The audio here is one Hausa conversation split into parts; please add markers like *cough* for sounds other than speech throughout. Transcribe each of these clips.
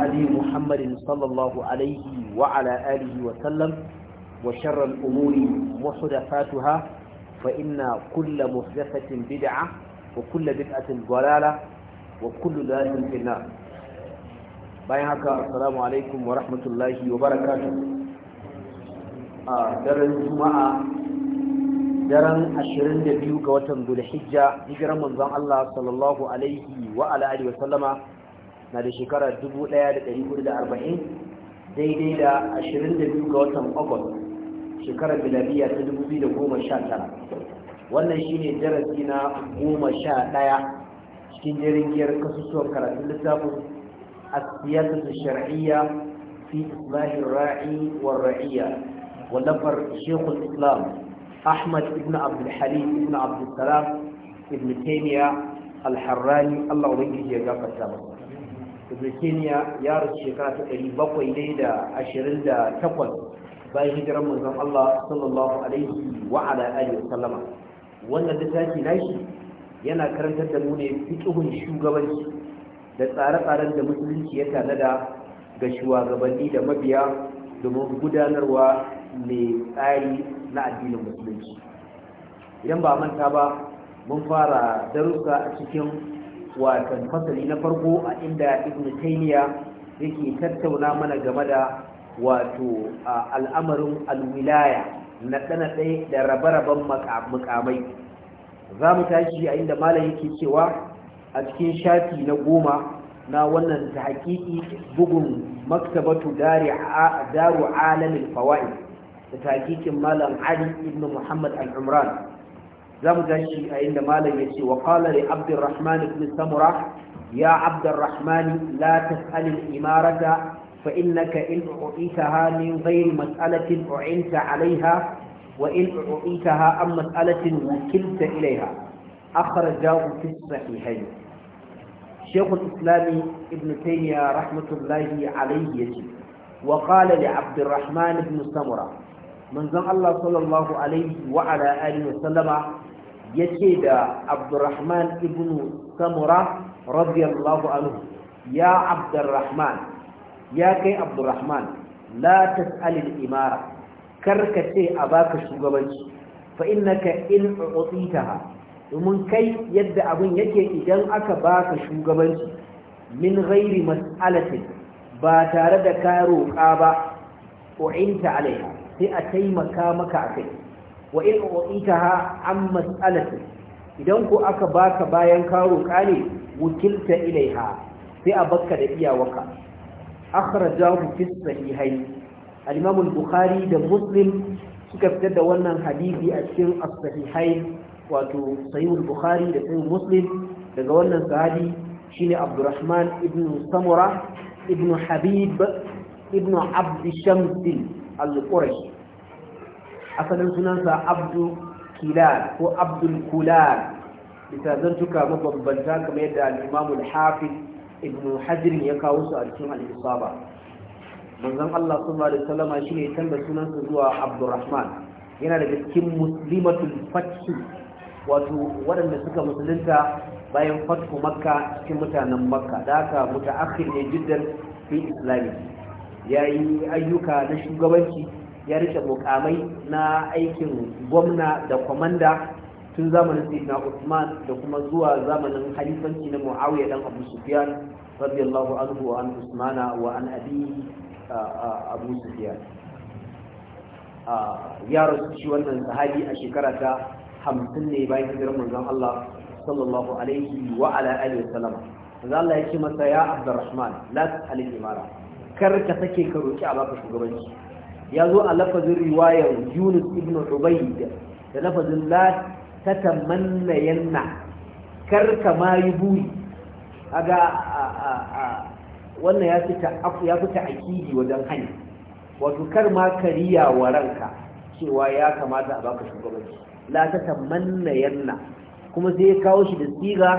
هدي محمد صلى الله عليه وعلى آله وسلم وشر الأمور محدثاتها فإن كل محدثة بدعة وكل بدعة ضلالة وكل ذلك في النار bayan haka assalamu alaikum wa rahmatullahi wa barakatu a daren juma'a daren 22 ga watan hijja hijiran manzon Allah sallallahu alaihi wa ala alihi wa sallama na da shekara 1440 daidai da 22 ga watan august shekarar miladiya ta 2019 wannan shi shine darasi na 11 cikin jirgin kasusuwar karatun littafin asiyasatu shar'iyya fi islahi ra'i wa ra'iyya wallafar shekul islam ahmad ibn abdulhalim ibn abdulsalam ibn taimiyya alharrani allah ubangiji ya gafarta masa Zulkiniya ya rasu shekara ta ɗari bakwai ne da ashirin da takwas bayan hijirar manzon Allah sallallahu alaihi wa ala alihi sallama wannan littafi nashi yana karantar da mu ne fiqhun shugabanci da tsare-tsaren da musulunci ya tanada ga shugabanni da mabiya domin gudanarwa mai tsari na addinin musulunci idan ba manta ba mun fara darussa a cikin watan fasali na farko a inda ibn taymiya yake tattauna mana game da wato al'amarin alwilaya na dana ɗaya da rabe-raben mukamai za mu tashi a inda malam yake cewa a cikin shafi na goma na wannan ta haƙiƙi bugun maktabatu daru alamin fawaid da ta haƙiƙin malam ali ibn muhammad al-umran za mu tashi a inda malam ya ce wa li abdurrahman ibn samura ya abdurrahman la tas'al al-imarata fa innaka in ha min ghayri mas'alatin u'inta 'alayha wa in u'itaha am mas'alatin wukilta ilayha akhrajahu fi sahihayn شيخ الإسلام ابن تيمية رحمة الله عليه وقال لعبد الرحمن بن سمرة من زم الله صلى الله عليه وعلى آله وسلم yace da Abdurrahman ibn Samura radiyallahu anhu ya Abdurrahman ya kai Abdurrahman la tas'al imara karka ce a baka shugabanci fa innaka in utitaha domin kai yadda abin yake idan aka baka shugabanci min ghairi mas'alatin ba tare da ka roƙa ba u'inta alaiha sai a taimaka maka akai wa in u'itaha an mas'alati idan ko aka baka bayan ka roƙa ne wukilta ilaiha sai a bakka da iyawaka akhrajahu fi sahihayn al-imam al-bukhari da muslim suka fitar da wannan hadisi a cikin as sahihai wato sahih al-bukhari da sahih muslim daga wannan sahabi shine abdurrahman ibn samura ibn habib ibn abd shams al-qurashi asalin sunansa Abdul kilal ko abdul kulal bisa zantuka mabambanta kamar yadda al-imamul hafiz ibn hajr ya kawo su a cikin al-isaba manzon Allah sallallahu alaihi wasallam shine ya canza sunansa zuwa Abdurrahman yana daga cikin muslimatul fath wato waɗanda suka musulunta bayan fatku makka cikin mutanen makka da haka mutaakhir ne jiddar fi islami yayi ayyuka na shugabanci ya rike mukamai na aikin gwamna da kwamanda tun zamanin sayyidina Usman da kuma zuwa zamanin halifanci na Muawiya dan Abu Sufyan radiyallahu anhu wa an Usmana wa an Abi Abu Sufyan ya rasu shi wannan sahabi a shekara ta 50 ne bayan hijirar manzon Allah sallallahu alaihi wa ala alihi wa sallama manzon Allah ya ce masa ya Abdurrahman la tasal imara kar ka take ka roki a baka shugabanci ya zo a lafazin riwayar yunus ibn ubaid da lafazin la ta tamanna yanna kar ka ma yi buri aga wannan ya fi ya akidi wajen hanya wato kar ma kariya wa ranka cewa ya kamata a baka shugabanci la ta tamanna yanna kuma sai ya kawo shi da siga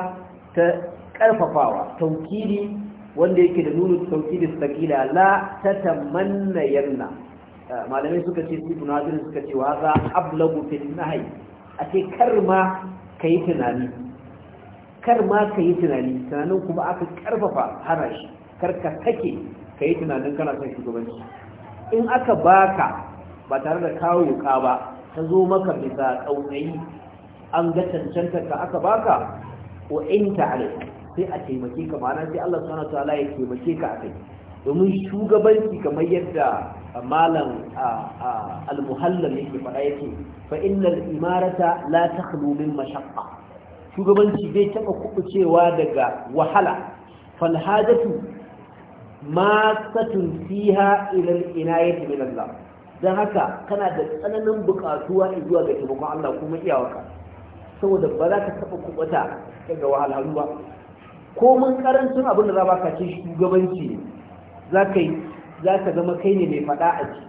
ta karfafawa taukiri wanda yake da nuna taukiri sakila la ta tamanna yanna malamai suka ce su tunadir suka ce wa za ablagu fil nahyi a ce kar ma yi tunani kar ma yi tunani tunanin kuma aka karfafa hana shi kar ka take tunanin kana son shugabanci in aka baka ba tare da kawo yuka ba ta zo maka bisa tsautsayi an ga cancantar ka aka baka wa inta sai a taimake ka ma'ana sai Allah subhanahu wa ta'ala ya taimake ka akai domin shugabanci kamar yadda malam al-muhallal yake faɗa yake fa imarata la takhlu min mashaqqa shugabanci bai taɓa kuɓucewa daga wahala fal hajatu ma satun fiha ina al-inayati min Allah dan haka kana da tsananin bukatuwa zuwa ga taimakon Allah kuma iyawarka saboda ba za ka taba kubuta daga wahalhalu ba ko mun karancin abin da za ba ka ce shugabanci za ka yi za ka zama kai ne mai faɗa a ci.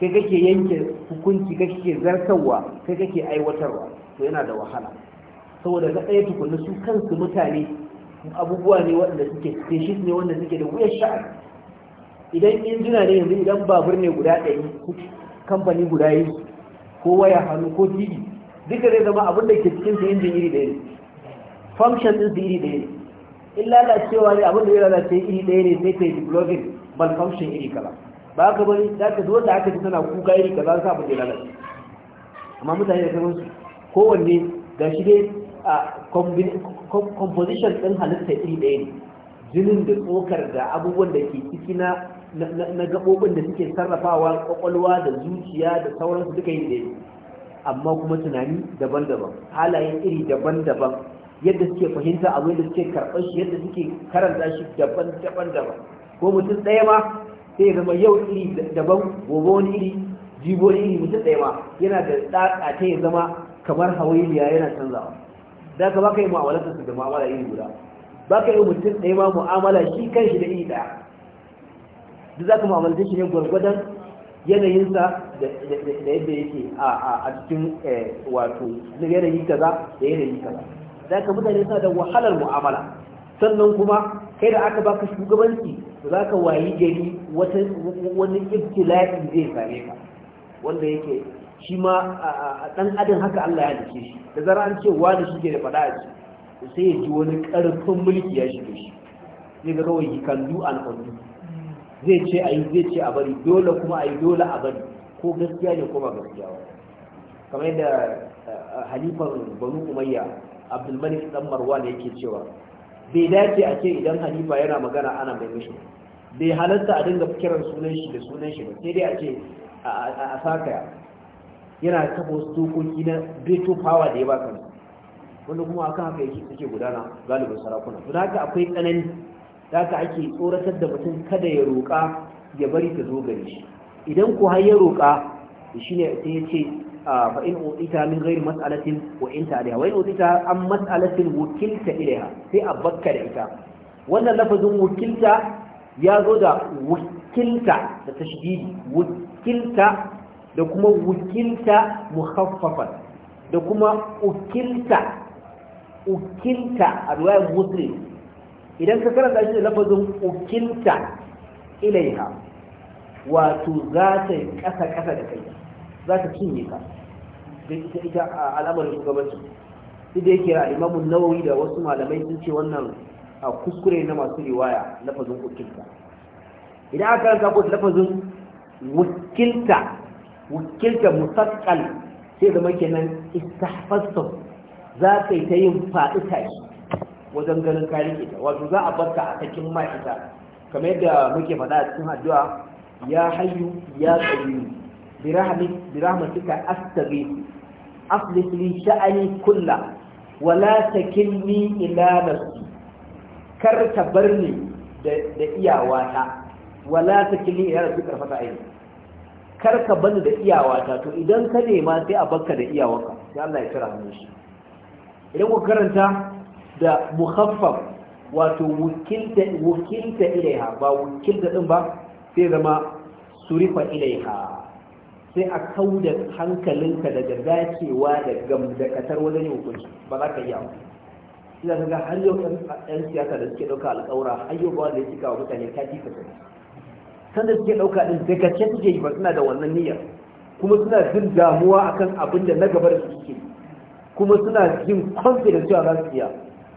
kai kake yanke hukunci kake zartarwa kai kake aiwatarwa to yana da wahala saboda ga ɗaya tukunna su kansu mutane abubuwa ne waɗanda suke species ne wanda suke da wuyar sha'ar idan injina ne yanzu idan babur ne guda ɗari kamfani guda yi ko waya hannu ko tv duka zai zama abin da ke cikin su injin iri ɗaya ne function ɗin su iri ɗaya ne in lalacewa ne abin da ya lalace iri ɗaya ne sai ta yi developing malfunction iri kaza ba ka bari za ka zo da aka ji tana kuka iri kaza za ka da lalace amma mutane da kamar su kowanne ga shi dai a composition ɗin halitta iri ɗaya ne jinin da tsokar da abubuwan da ke ciki na na gaɓoɓin da suke sarrafawa ƙwaƙwalwa da zuciya da sauransu duka yin da amma kuma tunani daban-daban halayen iri daban-daban yadda suke fahimta abu yadda suke karɓar shi yadda suke karanta shi daban-daban daban ko mutum ɗaya ma sai zama yau iri daban gobe wani iri jibo wani iri mutum ɗaya ma yana da tsaka ta ya zama kamar hawaiya yana canzawa da ka baka yi mu'amalarsa su da mu'amala iri guda baka yi mutum ɗaya ma mu'amala shi kan shi da iri ɗaya duk za ka mu'amalta shi ne gwargwadon yanayinsa da yadda yake a cikin eh, wato yanayi kaza da yanayi kaza da ka mutane suna da wahalar mu'amala sannan kuma kai da aka baka shugabanci to za ka wayi gari wani ibtila'i zai same ka wanda yake shi ma ɗan adin haka Allah ya dace shi da zara an ce wani shi ke da faɗa a ci sai ya ji wani ƙarfin mulki ya shige shi zai ga kawai he can do an undo zai ce a yi zai ce a bari dole kuma a yi dole a bari ko gaskiya ne ko ba gaskiya ba kamar yadda halifan banu umayya abdulmalik dan marwan yake cewa bai dace a ce idan halifa yana magana ana mai mishi bai halatta a dinga kiran sunan shi da sunan shi ba sai dai a ce a saka yana kafa wasu dokoki na veto power da ya ba kansa wanda kuma akan haka yake suke gudana galibin sarakuna to haka akwai tsanani da haka ake tsoratar da mutum kada ya roƙa ya bari ta zo gare shi idan ku har ya roƙa ne sai ya ce fa in utita min ghairi mas'alatin wa in ta'diha wa in an mas'alatin wakilta ilaiha sai a bakka da ita wannan lafazin wakilta ya zo da wakilta da tashdidi wukilta da kuma wukilta mukhaffafan da kuma ukilta ukilta a riwayar muslim idan ka karanta shi da lafazin ukilta ilaiha wato za ta yi ƙasa-ƙasa da kai za ta cinye ka da ita ita al'amarin shugabanci duk da yake a imamu nawawi da wasu malamai sun ce wannan kuskure na masu riwaya lafazin wakilta idan aka karanta ko lafazin wakilta wakilta musakkal sai zama kenan istahfaztu za ka yi ta yin faɗi tashi wajen ganin kayan ita wato za a barka a cikin ma'aikata kamar yadda muke faɗa a cikin addu'a ya hayu ya qayyum birahmatika astaghith aslih li sha'ani kullah wala takilni ila nafsi kar ka bar ni da iyawata wala takilni ila nafsi karfata aini kar ka bani da iyawata to idan ka nema sai a bakka da iyawarka idan ku karanta da mukhaffaf wato wakilta ilaiha ba wakilta ɗin ba sai zama surifa ilaiha sai a kau hankalinka daga dacewa da gamdakatar wajen hukunci ba za ka iya shi za ka ga har yau ɗan siyasa da suke ɗauka alƙawura har yau ba da ya cika wa mutane ta fi kasa sanda suke ɗauka ɗin daga ce suke yi ba suna da wannan niyyar kuma suna jin damuwa akan abin da na gaba da su suke kuma suna jin confidence cewa za su iya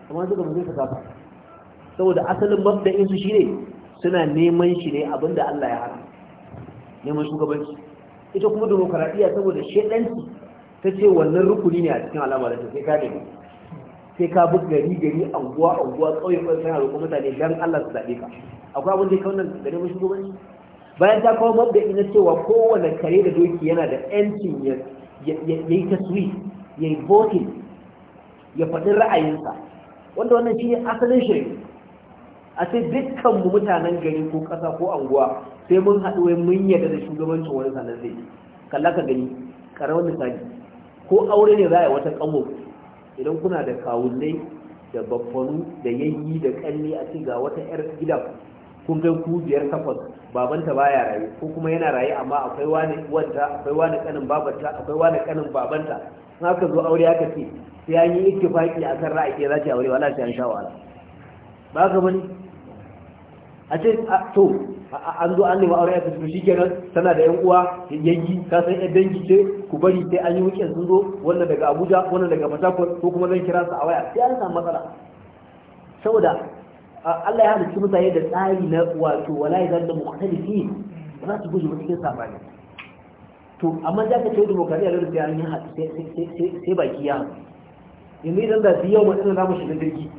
amma suka mu zai kafa saboda asalin mabda'in su ne, suna neman shi ne abin da Allah ya hana neman shugabanci ita kuma demokaradiyya saboda shaɗanci, ta ce wannan rukuni ne a cikin alama da sai ka nemi sai ka bi gari gari anguwa anguwa kauye ƙauye kana roƙon mutane dan Allah su zaɓe ka akwai abin da ya kawo gari da neman shugabanci bayan ta kawo mabda ina cewa kowane kare da doki yana da yancin ya yi taswi ya yi voting ya faɗi ra'ayinsa wanda wannan shi ne asalin shirin a sai dukkan mutanen gari ko ƙasa ko anguwa sai mun haɗu wai mun yarda da shugabancin wani sanar zai kalla ka gani karamar misali ko aure ne za a yi wata ƙamo idan kuna da kawunai da baffanu da yayi da ƙanne a ci ga wata 'yar gidan kun kai ku biyar takwas babanta baya raye ko kuma yana rayu amma akwai wani wanta akwai wani kanin babanta akwai wani kanin babanta in aka zo aure aka ce sai an yi a akan ra'ayi za ta aure wala sai an sha wahala ba ka bani a ce to an zo an nemi aure a fito shi kenan sana da yan uwa yayi ka san yan dangi ce ku bari sai an yi wuƙe sun zo wannan daga Abuja wannan daga Matakwal ko kuma zan kira su a waya sai an samu matsala saboda Allah ya halicci mutane da tsari na wato wala idan da mukhtalifi ba za su guje cikin sabani to amma za ka ce demokradiyya da a ne sai baki ya yanzu idan da su yau matsalar za mu shiga jirgi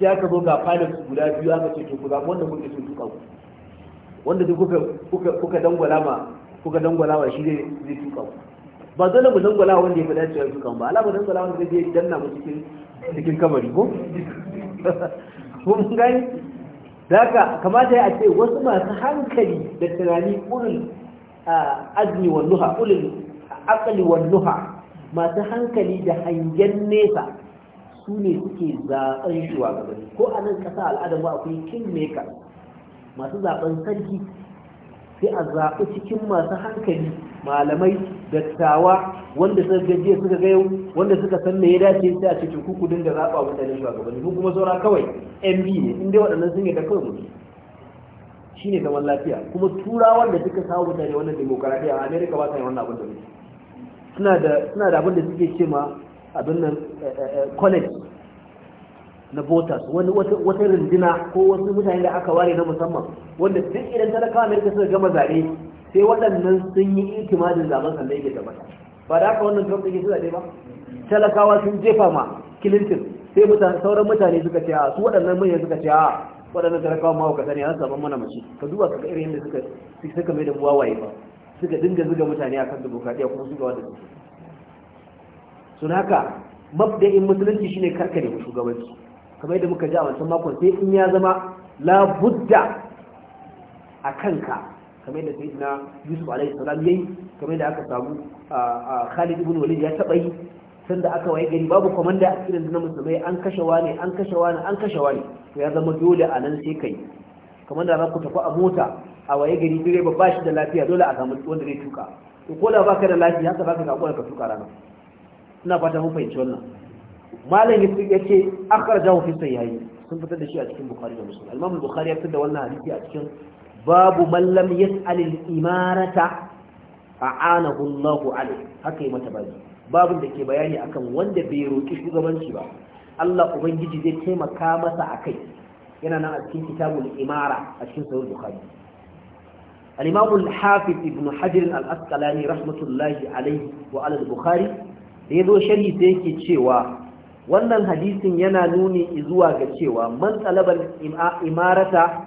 sai aka zo ga pilots guda biyu aka ce to ku wanda kuke so tuka ku wanda duk kuka kuka dangwala ma kuka dangwala ma shi zai zai tuka ku ba dole mu dangwala wanda ya fada cewa tuka ba alama dangwala wanda zai je danna mu cikin cikin kabari ko kun *laughs* gani daga kamata ya ce wasu masu hankali da tunani ulul azmi wal nuha ulul aqli wal nuha masu hankali da hangen nesa su ne suke zaɓen shugabanni ko a nan ƙasa al'adar ba akwai maker masu zaɓen sarki sai a zaɓi cikin masu hankali malamai dattawa wanda suka gaje suka gayo wanda suka san me ya dace sai a cikin kuku dinga zaɓa mutanen shugabanni mu kuma saura kawai MB ne in dai waɗannan sun yi da kawai mutu ne zaman lafiya kuma turawan da suka samu mutane wannan demokaradiya a Amerika ba ta yi wannan abin da muke suna da abin da suke ce ma abin nan eh, eh, eh, college na voters wani wata rundina ko wasu mutane da aka ware na musamman wanda duk idan talakawa amerika suka gama zaɓe sai waɗannan sun yi itimadin zaman sannan yake tabbata ba da aka wannan trump yake su zaɓe ba talakawa sun jefa ma clinton sai mutane sauran mutane suka ce a su waɗannan manyan suka ce a waɗannan talakawa ma ka sani an samu mana mace ka duba ka ga irin yadda suka suka mai da waye ba suka dinga zuga mutane akan demokradiya kuma su ga wanda suke sun haka mabda'in musulunci shine karka ne shugabanci kamar yadda muka ji a wancan makon sai in ya zama la budda a kanka kamar yadda sai na yusuf alayhi salam yayi kamar yadda aka samu khalid ibn walid ya taba yi sanda aka waye gari babu komanda a cikin na musulmai an kashe wani an kashe wani an kashe wani to ya zama dole a nan sai kai kamar da za ku tafi a mota a waye gari direba ba shi da lafiya dole a samu wanda zai tuka to ko da baka da lafiya haka baka ga ka tuka rana ina fata mun fahimci wannan malam su yake akhrajahu fi sahihayn sun fitar da shi a cikin bukhari da muslim al-imam bukhari ya fitar da wannan hadisi a cikin babu man lam yas'al al-imarata a'anahu Allah alayhi haka yi mata bazi babu da ke bayani akan wanda bai roki shugabanci ba Allah ubangiji zai taimaka masa akai yana nan a cikin kitabul imara a cikin sahih bukhari al-imam hafiz ibn hajar al askalani rahmatullahi alayhi wa bukhari da ya zo sharhi sai yake cewa wannan hadisin yana nuni zuwa ga cewa man talabar imarata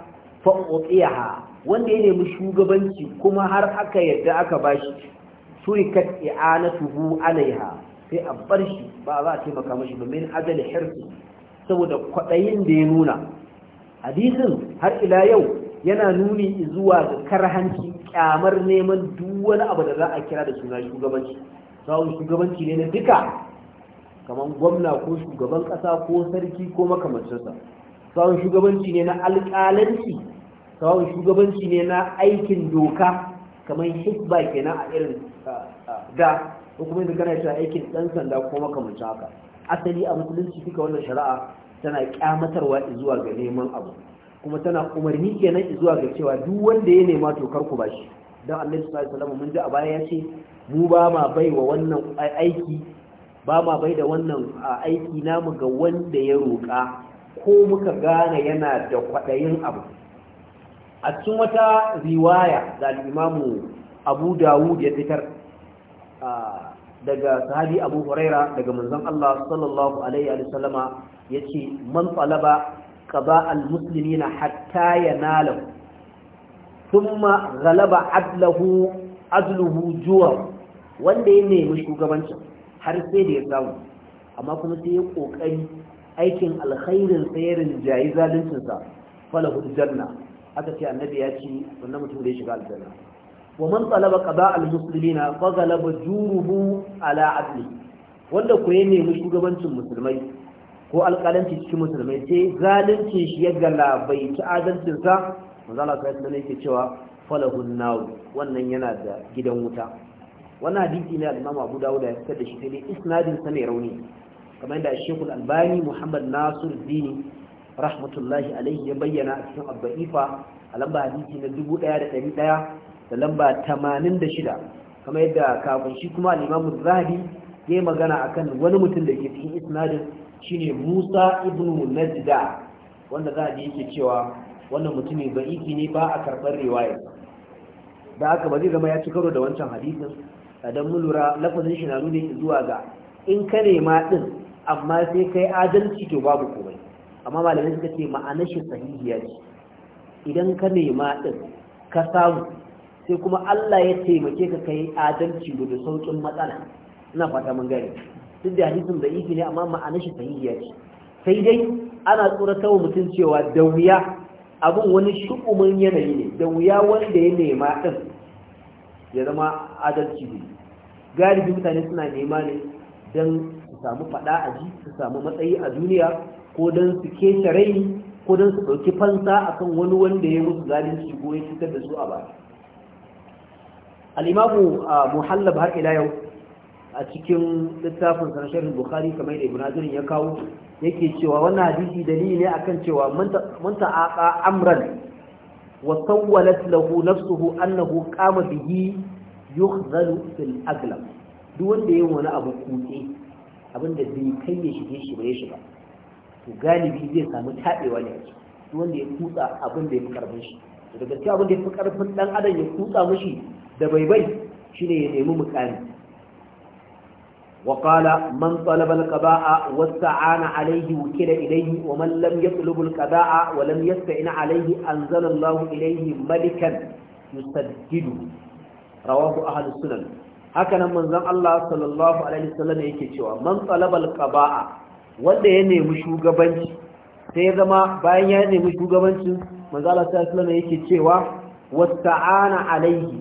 fa'uqiyaha wanda ya nemi shugabanci kuma har aka yadda aka bashi surikat i'anatuhu alaiha sai a bar shi ba za a taimaka mashi ba min ajal hirsi saboda kwaɗayin da ya nuna hadisin har ila yau yana nuni zuwa ga karhanci kyamar neman duk wani abu da za a kira da suna shugabanci samun shugabanci ne na duka kamar gwamna ko shugaban kasa ko sarki ko makamancinsa samun shugabanci ne na alƙalanci samun shugabanci ne na aikin doka kamar hisba kenan a irin da ko kuma yanzu kana cewa aikin ɗan sanda ko makamancin haka asali a musulunci suka wannan shari'a tana kyamatarwa zuwa ga neman abu kuma tana umarni kenan zuwa ga cewa duk wanda ya nema to kar ku shi. dan Annabi sallallahu alaihi wasallam mun ji a baya ya ce mu ba ma bai wa wannan aiki ba ma bai da wannan aiki namu ga wanda ya roƙa ko muka gane yana da kwaɗayin abu a cikin wata riwaya da al'imamu abu dawud ya fitar daga sahabi abu huraira daga manzon Allah sallallahu alaihi wa sallama yace man talaba qada al muslimina hatta yanalu thumma ghalaba adlahu adluhu juwa wanda ya nemi shugabancin har sai da ya samu amma kuma sai ya kokari aikin alkhairin sayarin jayi zaluncin sa falahu aka ce annabi ya ce wannan mutum da ya shiga aljanna wa man talaba qada al muslimina fa ghalaba juruhu ala adli wanda ko ya nemi shugabancin musulmai ko alƙalanci cikin musulmai sai zalunci shi ya gala bai ci adalcin sa manzo Allah sai yake cewa falahu an wannan yana da gidan wuta wannan hadisi ne al-Imam Abu Dawud ya fitar da shi sai dai isnadin sa ne rauni kamar yadda Sheikh Al-Albani Muhammad Nasir Dini rahmatullahi alaihi ya bayyana a cikin Abba'ifa a lamba hadisi na 1100 da lamba 86 kamar yadda kafin shi kuma al-Imam Zahabi ya yi magana akan wani mutum da ke cikin isnadin shine Musa ibn Najda wanda Zahabi yake cewa wannan mutumin ba'iki ne ba a karɓar riwayar da aka ba zai zama ya ci karo da wancan hadisin dan mu lura lafazin shi na nuni zuwa ga in ka nema din amma sai kai adalci to babu komai amma malamai suka ce ma'ana shi sahihiya ce idan ka nema din ka samu sai kuma Allah ya taimake ka kai adalci da saukin matsala ina fata mun gane duk da hadisin da ne amma ma'ana shi sahihiya ce sai dai ana tsoratar wa mutum cewa da wuya abin wani shukumin yanayi ne da wuya wanda ya nema ɗin ya zama adalci ne galibi mutane suna nema ne don su samu fada a ji su samu matsayi a duniya ko don su kece raini ko don su ɗauki fansa akan wani wanda ya musu zalunci ko ya cutar da su a ba al'imamu a muhallab har ila yau a cikin littafin sanasharin bukhari kamar da ibn ya kawo yake cewa wannan hadisi dalili ne akan cewa manta a amran wa sawwalat lahu nafsuhu annahu qama bihi yukhzalu fil aglam duk wanda yayin wani abu kutse abinda bai kai ya shige shi bai shiga to galibi zai samu tabewa ne duk wanda ya kutsa abin da ya fi karfin shi da gaskiya abin da ya fi karfin dan adam ya kutsa mishi da bai bai shine ya nemi mukami وقال من طلب القضاء واستعان عليه وكل إليه ومن لم يطلب القضاء ولم يستعن عليه أنزل الله إليه ملكا يسدده rawahu ahlus sunan haka nan manzon Allah sallallahu alaihi wasallam yake cewa man talabal qaba'a wanda ya nemi shugabanci sai ya zama bayan ya nemi shugabancin manzon Allah sallallahu alaihi wasallam yake cewa wasta'ana alaihi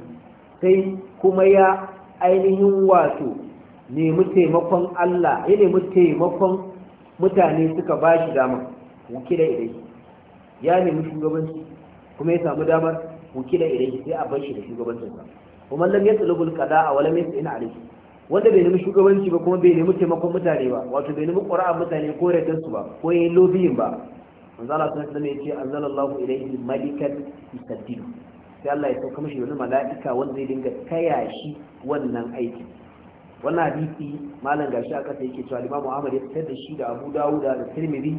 sai kuma ya ainihin wato nemi taimakon Allah ya nemi taimakon mutane suka bashi dama wakila idai ya nemi shugabanci kuma ya samu damar wakila idai sai a bar shi da sa kuma lam yatlubul qada'a wa lam yas'in alayhi wanda bai nemi shugabanci ba kuma bai nemi taimakon mutane ba wato bai nemi qura'a mutane ko rayuwar su ba ko yayin lobbying ba manzo Allah sallallahu alaihi wasallam yace anzalallahu ilayhi malikan yusaddidu sai Allah ya sauka mishi wani mala'ika wanda zai dinga taya shi wannan aiki wannan hadisi malam gashi aka sai yake cewa Imam Ahmad ya fitar da shi da Abu Dawud da Tirmidhi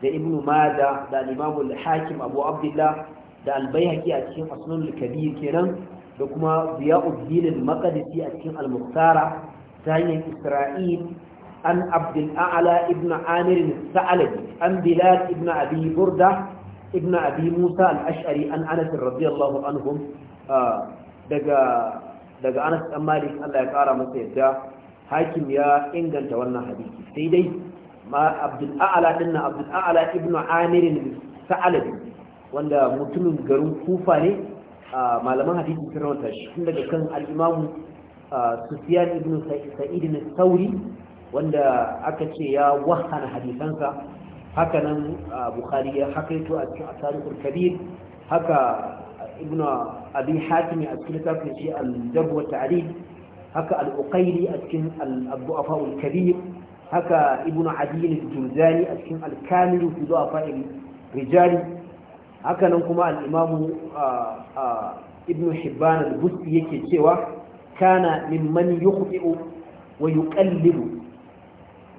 da Ibn Majah da Imam Al-Hakim Abu Abdullah da Al-Baihaqi a cikin Asnul Kabir kenan da kuma ziya'uddin al-maqdisi a cikin al-muqtara ta hanyar isra'il an abdul a'la ibn amir al an bilal ibn abi burda ibn abi musa al-ash'ari an anas radiyallahu anhum daga daga anas dan malik Allah ya kara masa yadda hakim ya inganta wannan hadisi sai dai ma abdul dinna abdul ibn amir al wanda mutumin garin kufa ne malaman hadisi sun rawanta shi tun daga kan al-imamu Sufyan ibn Sa'id ibn wanda aka ce ya wahana hadisansa haka nan Bukhari ya hakaito a cikin Kabir haka Ibn Abi Hatim a cikin littafin shi Al-Jab wa haka Al-Uqayli a cikin Al-Du'afa al-Kabir haka Ibn Adi al-Juzani a cikin Al-Kamil fi Du'afa al-Rijali hakanan kuma al'imamu ibn hibban al-busti yake cewa kana mimman yukhti'u wa yuqallibu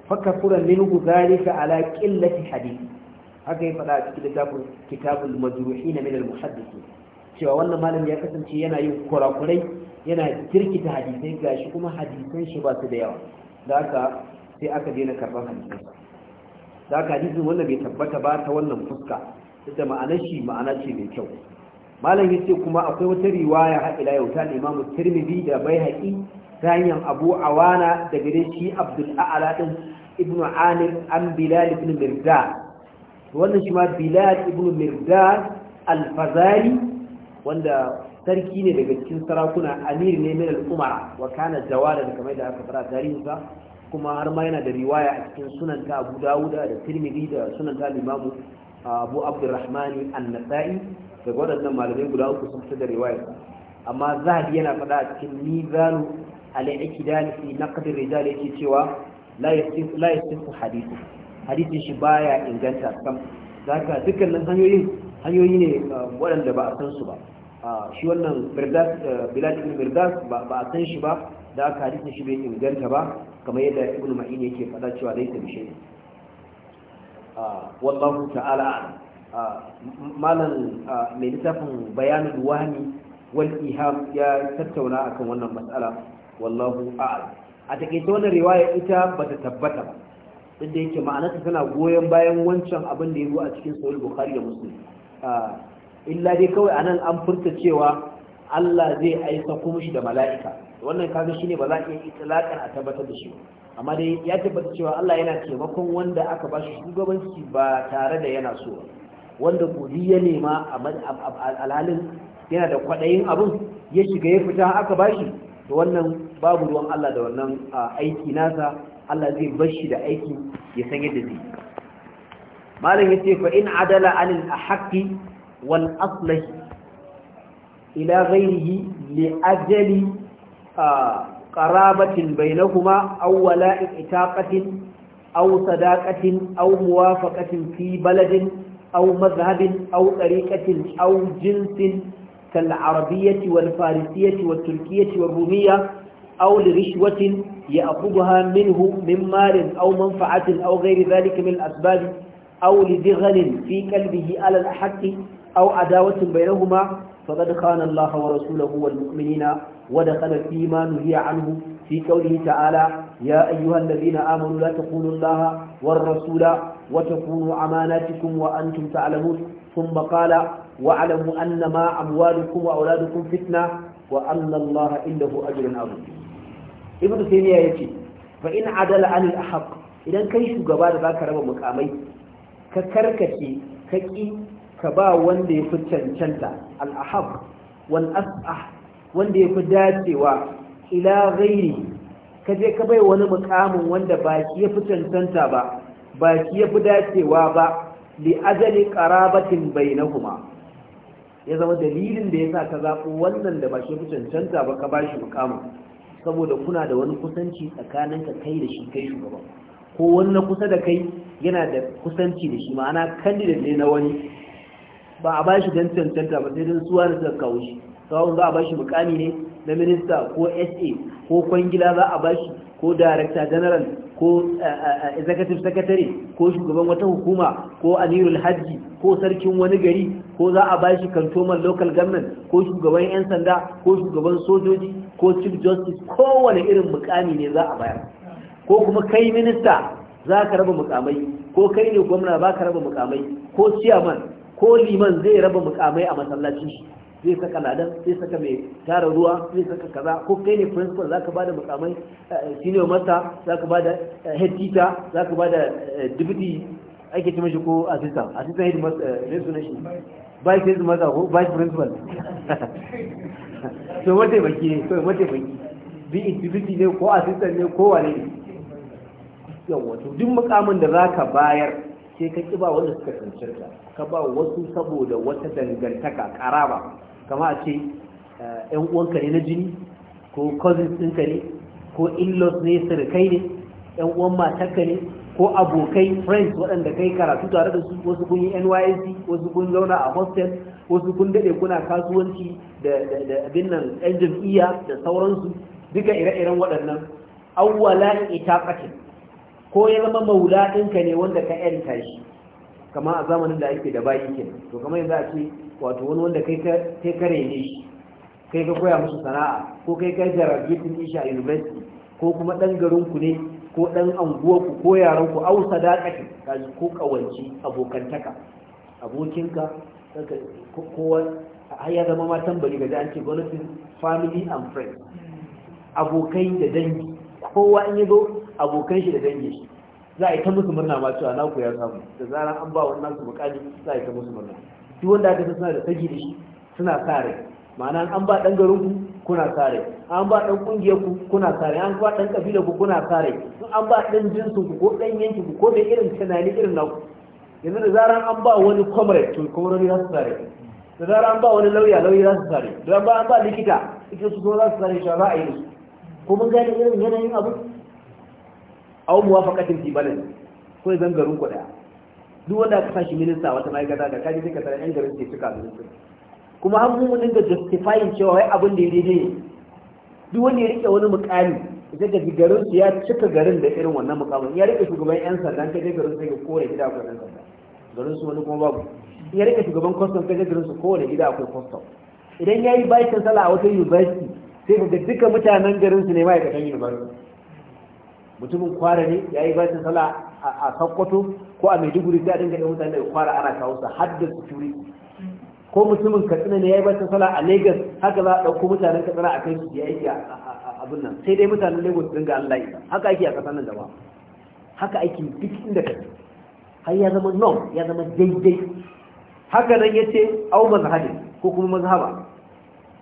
fakafura minhu zalika ala qillati hadith haka ya faɗa a cikin littafin kitabul majruhin min al-muhaddithin cewa wannan malamin ya kasance yana yin kurakurai yana kirkita hadisai gashi kuma hadisan shi ba su da yawa da haka sai aka daina karɓar hadisan da haka hadisin wannan bai tabbata ba ta wannan fuska ita ma'anar shi ma'ana ce mai kyau malam yace kuma akwai wata riwaya har ila yau ta Imam Tirmidhi da Baihaqi ta hanyar Abu Awana da gare shi Abdul A'la din Ibn Amir an Bilal ibn mirda wannan shi ma Bilal ibn al wanda sarki ne daga cikin sarakuna amir ne min al-umara wa kana jawala kamar da aka fara tarihinsa kuma har ma yana da riwaya a cikin sunan ta Abu Dawud da Tirmidhi da sunan ta abu abdurrahmani an-nasa'i daga waɗannan malamai guda uku sun fitar da riwayar amma zahabi yana faɗa a cikin mizanu al-ikdal fi rijal yake cewa la yasih la yasih hadith hadisin shi baya inganta sam zaka dukkanin hanyoyin hanyoyi ne uh, waɗanda ba a san su ba uh, shi wannan mirdas uh, bilal ibn mirdas ba a san shi ba da aka hadisin shi bai inganta ba kamar yadda ibn ma'in yake faɗa cewa laisa bi wallahu ta'ala ah, malam ah, mai littafin bayanin wani wal iham ya tattauna akan wannan matsala wallahu a'lam a takeice wannan riwaya ita ba ta tabbata ba duk da yake ma'anarta tana goyon bayan wancan abin da ya zo a cikin sahih bukhari da muslim ah, illa dai kawai anan an furta cewa Allah zai aika kuma da mala'ika wannan kaga ne ba za a iya itlaqan a tabbatar da shi amma dai ya tabbata cewa Allah yana taimakon wanda aka ba shi shugabanci ba tare da yana so wanda kudi ya nema alhalin yana da kwaɗayin abin ya shiga ya fita aka ba shi to wannan babu ruwan Allah da wannan aiki nasa Allah zai bar shi da aiki ya san yadda zai malam yace fa in adala anil ahqi wal aslahi ila ghayrihi li ajali Ƙarabatin bainahuma aw wala'i itaqatin au sadaqatin aw muwafaqatin fi baladin au mazhabin, au ɗariƙatin, au jinsin kal arabiyyati wal farisiyyati wat turkiyyati wal rumiyya aw li rishwatin ya'khudhuha minhu min malin aw manfa'atin aw ghayri dhalika min al aw li dhighalin fi qalbihi alal al au aw adawatin bainahuma faqad khana wa rasuluhu wal mu'minina ودخل الإيمان هي عنه في قوله تعالى يا أيها الذين آمنوا لا تخونوا الله والرسول وتخونوا أماناتكم وأنتم تعلمون ثم قال واعلموا أن ما أموالكم وأولادكم فتنة وأن الله عنده أجر عظيم ابن تيمية يتي فإن عدل عن الأحق إذا كيش قبال ذاك رب مقامي ككركتي ككي كبا وندي فتن شنتا الأحق والأسأح wanda ya fi dacewa ila gairi kaje ka bai wani mukamin wanda ba shi ya fi cancanta ba ba shi ya fi dacewa ba li ajali karabatin bainahuma ya zama dalilin da yasa ka zaɓo wannan da ba shi ya fi cancanta ba ka bashi mukamin saboda kuna da wani kusanci tsakaninka kai da shi kai shugaban ko wani kusa da kai yana da kusanci da shi ma'ana candidate ne na wani ba a bashi dan don cancanta ba sai don suwa da suka kawo shi sawun za a bashi mukami ne na minista ko sa ko kwangila za a bashi ko director general ko eh, eh, eh, executive secretary ko shugaban wata hukuma ko amirul hajji ko sarkin wani gari ko za a bashi kantoman local government ko shugaban 'yan sanda ko shugaban sojoji ko chief justice kowane irin mukami ne za a bayar ko kuma kai minista za ka raba mukamai ko kai ne gwamna ba ka raba mukamai ko chairman ko liman zai raba mukamai a masallacin shi zai saka ladan zai saka mai tara ruwa zai saka kaza ko kai ne principal zaka bada mukamai eh, senior master zaka bada eh, head teacher zaka bada eh, deputy ake ce shi ko assistant assistant head master ne sunan shi vice head master ko vice principal *laughs* to wata baki ne to wata baki bi deputy ne ko assistant ne ko wane ne yawa to duk mukamin da zaka bayar sai ka kiba wanda suka cancanta ka ba wasu saboda wata dangantaka karaba kama a ce eh, ‘yan uwanka ne na jini ko cousins ɗinka ne ko in-laws ne surukai ne ‘yan uwan matarka ne ko abokai friends waɗanda kai karatu tare da su wasu kun yi nysc wasu kun zauna a hostel wasu kun daɗe kuna kasuwanci da abin nan ɗan jam'iyya da sauransu duka ire-iren waɗannan awwala ita ƙatin ko ya zama maula ɗinka ne wanda ka ‘yanta shi kama a zamanin da ake da bayi kenan to kamar yanzu a ce wato wani wanda kai ka kare ne shi kai ka koya musu sana'a ko kai ka jarabe kun isha a university ko kuma ɗan ku ne ko ɗan ku ko yaran ku. au sadaqati kaji ko kawanci abokantaka abokinka kowa har ya zama ma tambari ga an ce gwamnatin family and friends abokai da dangi kowa in yazo abokan shi da dangi shi za a yi ta musu murna ma cewa na ku ya samu da zarar an ba wannan su bukali za a yi ta musu murna duk wanda aka suna da saki da shi suna tsare ma'ana an ba dan garin ku kuna tsare an ba dan kungiyar ku kuna tsare an ba dan kabilar ku kuna tsare rai an ba dan jinsin ku ko dan yankin ku ko da irin tunani irin na ku yanzu da zaran an ba wani comrade to comrade za su tsare da zaran an ba wani lauya lauya za su tsare da ba an ba likita ita su kuma za su tsare shi za a yi su ko mun gane irin yanayin abu aw muwafaqatin fi balad ko zan garin ku daya duk wanda aka sashi minista wata ma'aikata da kaji sai ka yan garin sai suka minista kuma an mun dinga justifying cewa wai abin da ya daidai duk wanda ya rike wani mukami sai ga garin su ya cika garin da irin wannan mukamin ya rike shugaban yan sanda kai da garin sai ka kore gida akwai yan sanda garin su wani kuma babu ya rike shugaban custom kai dai garin su kowane gida akwai custom idan ya yi bakin sala a wata university sai ga duka mutanen garin su ne ma'aikatan university mutumin kwara ne ya yi bakin sala a sakkwato ko a maiduguri ta a dinga yin mutane da kwara ana kawo su har da security ko mutumin katsina ne ya yi bacin sala a lagos haka za a ɗauko mutanen katsina a kai su ya yi abin nan sai dai mutanen lagos dinga allah yi haka ake a ƙasar nan gaba haka ake duk inda ka har ya zama norm ya zama daidai haka nan ya ce au mazhabin ko kuma mazhaba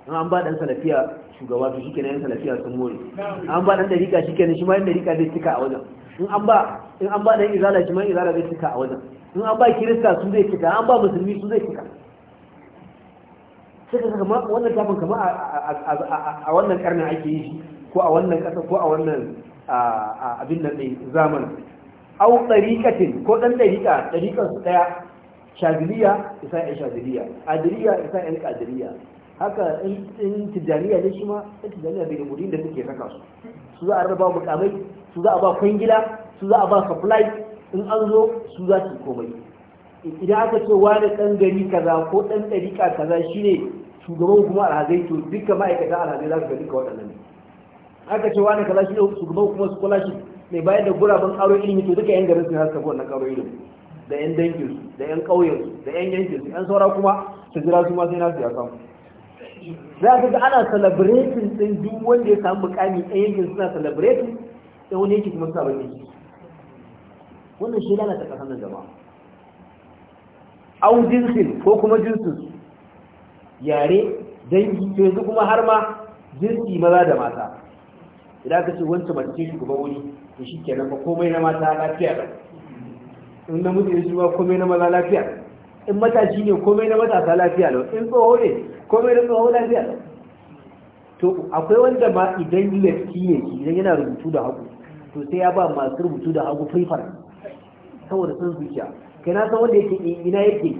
in an ba dan salafiya shugaba to na yan salafiya sun more an ba dan dariƙa shikenan shi ma yan dariƙa zai cika a wajen in an ba in an ba dan izala shi ma izala zai cika a wajen in an ba kirista su zai cika an ba musulmi su zai cika sai ka kama wannan tafin kama a wannan karnin ake yi shi ko a wannan ƙasa ko a wannan abin nan ɗin zamanin au ɗariƙatin ko ɗan ɗariƙa ɗariƙar su ɗaya shaziliya isa yan shaziliya adiriya isa yan ƙadiriya haka in tijjaniya ne shi ma in tijjaniya bai rubutun da suke saka su su za a raba mukamai su za a ba kwangila su za a ba supply in an zo su za su komai idan aka ce wani ɗan gari kaza ko ɗan ɗarika kaza shine shugaban kuma alhazai to duka ma'aikatan alhazai za su ga duka waɗannan ne aka ce wani kaza shine shugaban kuma scholarship mai bayar da guraben ƙaro ilimi to duka yan garin su sun haska wannan ƙaro ilimi da yan dangin su da yan ƙauyen su da yan yankin su yan saura kuma su jira su ma sai na su ya samu za ka ga ana celebrating din duk wanda ya samu mukami a yankin suna celebrating ɗan wani yake kuma suna bakin wannan shi lalata ƙasar da jama'a au jinsin ko kuma jinsin yare dangi to yanzu kuma har ma jinsi maza da mata idan ka ce wancan mace ce gaba wuri to shi kenan ba komai na mata lafiya ba in namiji ne shugaba komai na maza lafiya in matashi ne komai na matasa lafiya lau in tsoho ne ko mai rinka hau lafiya to akwai wanda ma idan UFT ne idan yana rubutu da hagu to sai ya ba masu rubutu da hagu faifar saboda sun zuciya kai na san wanda yake ina yake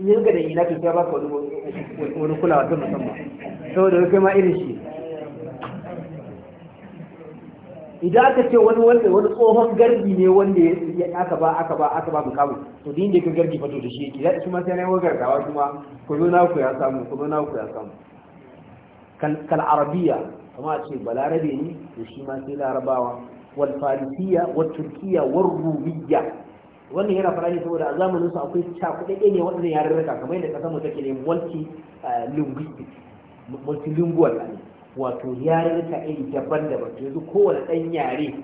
in yanka da ina to sai baka wani kulawa ta musamman saboda kai ma irin shi idan aka ce wani wanda wani tsohon garbi ne wanda ya aka ba aka ba aka ba mukamu to din da ka garbi fa to da shi yake da shi ma sai nayi wagargawa kuma ku zo na ku ya samu ku zo na ku ya samu kal arabiya kuma a ce balarabe ne to shi ma sai larabawa wal farisiya wal turkiya wal rumiyya wannan yana fara ne saboda a zamanin su akwai cakuɗaɗɗe ne waɗannan yarurruka kamar yadda kasan mu take ne multi eh, linguistic multilingual wato yarurruka iri daban-daban to yanzu kowane ɗan yare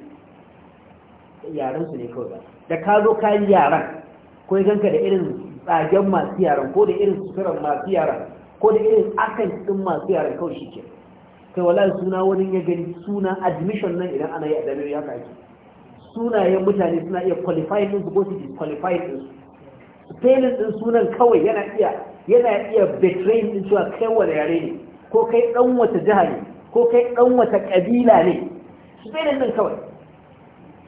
yarensu ne kawai da ka zo ka yi yaran ko ya ganka da irin tsagen masu yaran ko da irin suturan masu yaran ko da irin akan ɗin masu yaran kawai shi ke kai wala suna wani ya gani suna admission nan idan ana yi a dalilin haka ake sunayen mutane suna iya din su ko su din su spelling din sunan kawai yana iya yana iya betraying din cewa kai wani yare ne ko kai ɗan wata jiha ne ko kai ɗan wata ƙabila ne su bai nan kawai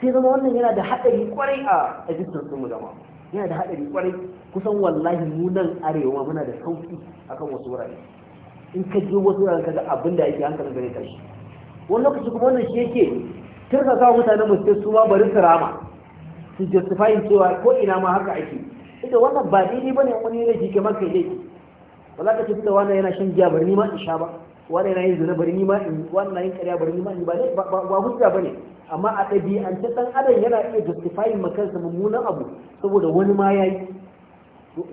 sai zama wannan yana da haɗari kwarai a ajistan sun zama, yana da haɗari kwarai kusan wallahi mu nan arewa muna da sauki akan wasu wurare in ka je wasu wurare ga abin da yake hankalin gare shi. wani lokaci kuma wannan shi yake turka sa mutanen mu su ma bari su rama su justifying cewa ko ina ma haka ake ita wannan ba daidai bane wani ne jike maka laifi ba za ka ce wani yana shan giya bari ni ma in sha ba wani yana yin zina bari ni ma in wani na yin ƙarya bari ni ma in ba ba hujja bane amma a ɗabi'ance ɗan adam yana iya justifayin ma kansa mummunan abu saboda wani ma yayi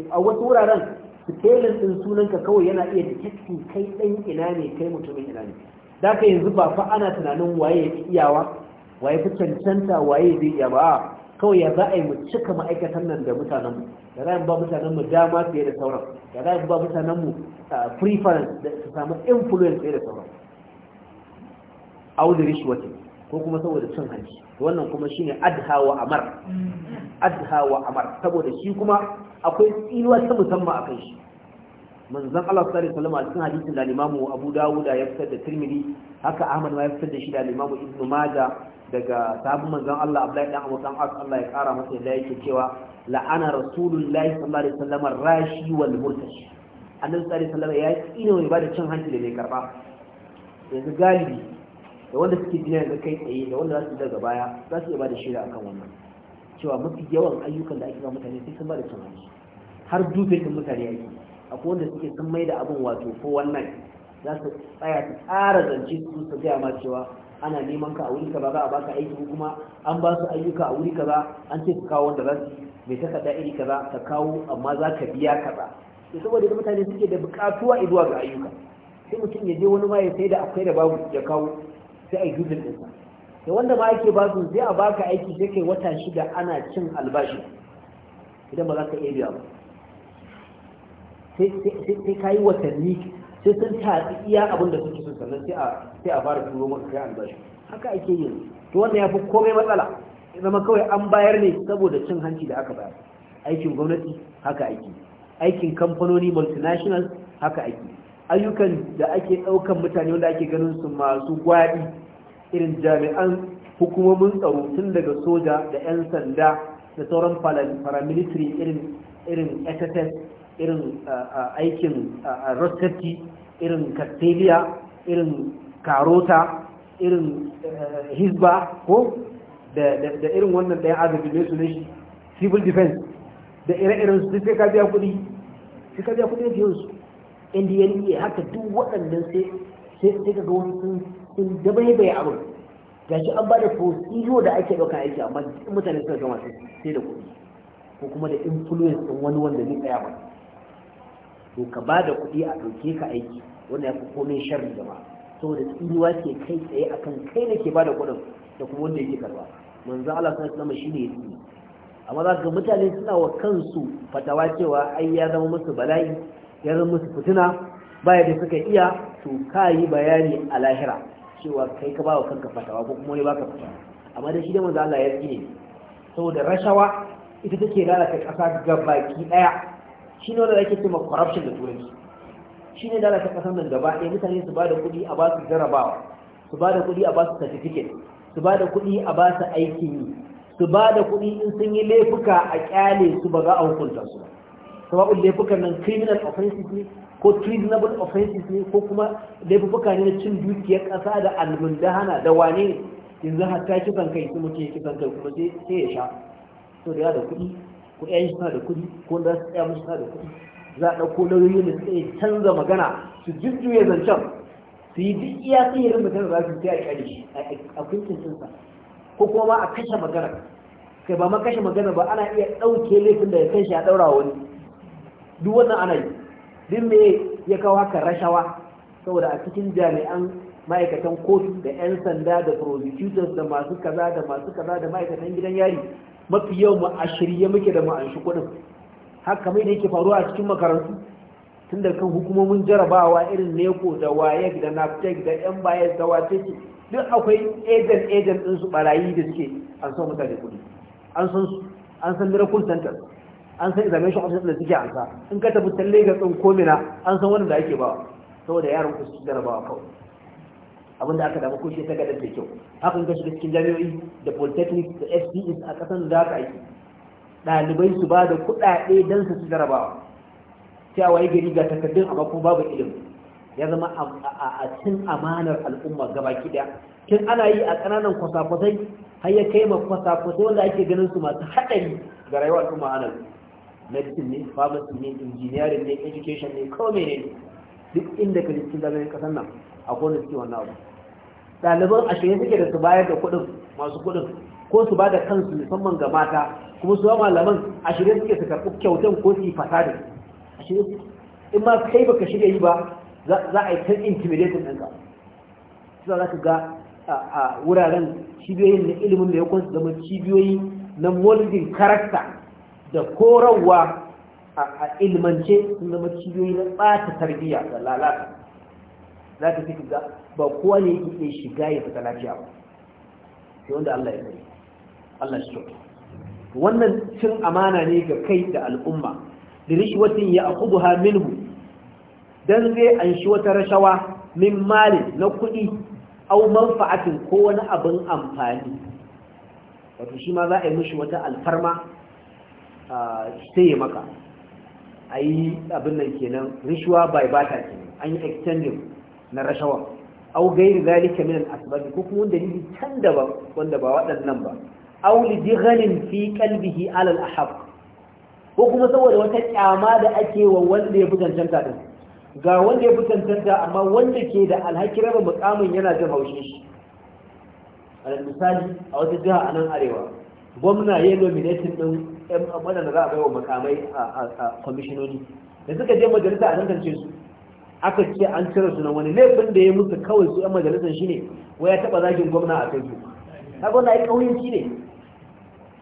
a wasu wuraren sikelin ɗin sunanka kawai yana iya detektin kai ɗan ina ne kai mutumin ina ne da yanzu ba fa ana tunanin waye ya iyawa waye fi cancanta waye zai iya ba kawai ya za a yi mu cika ma'aikatan nan da mutanenmu da za ba mutanenmu dama fiye da sauran da za ba mutanenmu preference da su samu influence fiye da sauran audi rishwati ko kuma saboda cin hanci wannan kuma shi ne wa amar adhawa amar saboda shi kuma akwai tsinuwa ta musamman kan shi manzan Allah sallallahu alaihi wasallam a cikin hadisin da limamu Abu dawuda ya fitar da Tirmidhi haka Ahmad ma ya fitar da shi da limamu Ibn Majah daga sabon manzon Allah Abdullahi dan Abu dan As Allah ya kara masa da yake cewa la'ana rasulullahi sallallahu alaihi wasallam rashi wal murtashi annabi sallallahu alaihi wasallam ya tsine mai bada cin hanci da mai karba yanzu galibi da wanda suke jina da kai tsaye da wanda za su daga baya za su iya bada shaida akan wannan cewa mafi yawan ayyukan da ake ba mutane sai sun bada cin hanci har dukkan mutane ake akwai wanda suke sun mai da abin wato ko wannan za su tsaya su tsara zance su su gaya ma cewa ana neman ka a wuri kaza za a baka aiki ko kuma an ba su ayyuka a wuri kaza an ce ka kawo wanda za su mai takarda iri kaza ka kawo amma za ka biya kaza to saboda da mutane suke da bukatuwa zuwa ga ayyuka sai mutum ya je wani ma ya sai da akwai da babu ya kawo sai a yi dubin ɗinsa da wanda ma ake ba su sai a baka aiki sai kai wata shida ana cin albashi idan ba za ka iya biya ba sai ka yi watanni sai sun tafi iya abin da suke so sannan sai a sai a fara turo maka kai albashi haka ake yin to wannan fi komai matsala zama kawai an bayar ne saboda cin hanci da aka bayar aikin gwamnati haka ake aikin kamfanoni multinational haka ake ayyukan da ake ɗaukan mutane wanda ake ganin su masu gwaɗi irin jami'an hukumomin tsaro tun daga soja da 'yan sanda da sauran paramilitary irin irin sss irin aikin rostetti irin castelia irin karota irin eh, hisba ko da irin wannan daya arziki ne su ne shi civil defense da ire-iren su sai ka biya kuɗi sai ka biya kuɗi da yau su ndna e haka duk waɗannan sai ka ga wani sun ya bai abin shi an ba da fosiyo da ake ɗauka aiki amma mutane suna gama sai da kuɗi ko kuma da influence ɗin wani wanda ne ɗaya ba to ka ba da kuɗi a ɗauke ka aiki wanda ya fi komai sharri gaba saboda tsinuwa ke kai tsaye akan kai na ke ba da kuɗin da kuma wanda yake karba manzo Allah sallallahu shi ne ya yake amma za ka mutane suna wa kansu fatawa cewa ai ya zama musu bala'i ya zama musu fitina ba yadda suka iya to ka yi bayani a lahira cewa kai ka ba wa kanka fatawa ko kuma wani baka fatawa amma da shi da manzo Allah ya tsine saboda rashawa ita take lalata ƙasa baki ɗaya shi ne wanda ake cewa corruption da turanci shi ne ta kasan nan gaba ɗaya mutane su ba da kuɗi a ba su jarabawa su ba da kuɗi a ba su certificate su ba da kuɗi a ba su aikin yi su ba da kuɗi in sun yi laifuka a ƙyale su ba za a hukunta su ba? sababin laifukan nan criminal offenses ne ko treasonable offenses ne ko kuma laifuka ne na cin dukiyar ƙasa da almundahana da wane yanzu hatta kisan kai su mutum ya kisan kai kuma sai ya sha to da ya da kuɗi ko ƴaƴan suna da kuɗi ko da su da kuɗi za a ɗauko lauyoyin da suke canza magana su jujjuya zancen su yi duk iya tsirin mutum da za su sai a ƙyale a kuncin sa ko kuma ma a kashe magana kai ba ma kashe magana ba ana iya ɗauke laifin da ya kan shi a ɗaura wani duk wannan ana yi duk me ya kawo haka rashawa saboda a cikin jami'an ma'aikatan kotu da 'yan sanda da prosecutors da masu kaza da masu kaza da ma'aikatan gidan yari mafi yau mu a shirye muke da ma'anshi kudin kuɗin haka mai da yake faruwa a cikin makarantu tun da kan hukumomin jarabawa irin neko da waye da naftek da yan baye da wace ce duk akwai agent agent din su barayi da suke an san mutane kuɗi an san su an san miracle center an san examination officer da suke ansa in ka tafi talle ga tsin komina an san wanda ake bawa saboda yaran ku su jarabawa kawai abin da aka damu ko shi gadar da kyau hakan ka shiga cikin jami'o'i da polytechnic da fcs a kasan da aka aiki ɗalibai su ba da kuɗaɗe don su jarabawa sai a waye gari ga takardun amma kuma babu ilim. ya zama a cin amanar al'umma gabaki ɗaya kin ana yi a ƙananan kwasa-kwasai har ya kai ma kwasa-kwasai wanda ake ganin su masu haɗari ga rayuwar al'umma anar medicine ne pharmacy ne engineering ne education ne kawai ne duk inda ka cikin zagayen ƙasar nan akwai wanda suke wannan abu ɗaliban ashirin suke da su bayar da kuɗin masu kuɗin ko su ba da kansu musamman ga mata kuma su ba malaman ashirin suke su karɓi kyautan ko su yi fasadin ashirin in ma kai baka shirya yi ba za a yi ta ɗin ka. Su za ka ga a wuraren cibiyoyin na ilimin da ya kwanci zama cibiyoyi na molding karakta da korarwa a ilimance sun zama cibiyoyi na ɓata tarbiyya da lalata za ka fi ga ba kowa ne yake shiga ya fita lafiya ba sai wanda Allah ya sani Allah shi kyautu wannan cin amana ne ga kai da al'umma da rishwatin ya ha minhu dan zai an shi wata rashawa min mali na kuɗi au manfa'atin ko wani abin amfani wato shi ma za a yi mishi wata alfarma sai ya maka a yi abin nan kenan rishwa bai bata kenan an yi extending na rashawa au gairi zalika min al-asbab ko kuma dalili can daban wanda ba waɗannan ba au li dighalin fi qalbihi ala al-ahab ko kuma saboda wata kyama da ake wa wanda ya fitantanta din ga wanda ya fitantanta amma wanda ke da alhaki raba mukamin yana jin haushin shi alal misali a wata jiha a nan arewa gwamna ya nominatin din waɗanda za a bai wa makamai a kwamishinoni da suka je majalisa a tantance su aka ce an cire sunan wani laifin da ya musu kawai su yan majalisar shine wa ya taba zagin gwamna a kai su kaga wannan yi kauyanci ne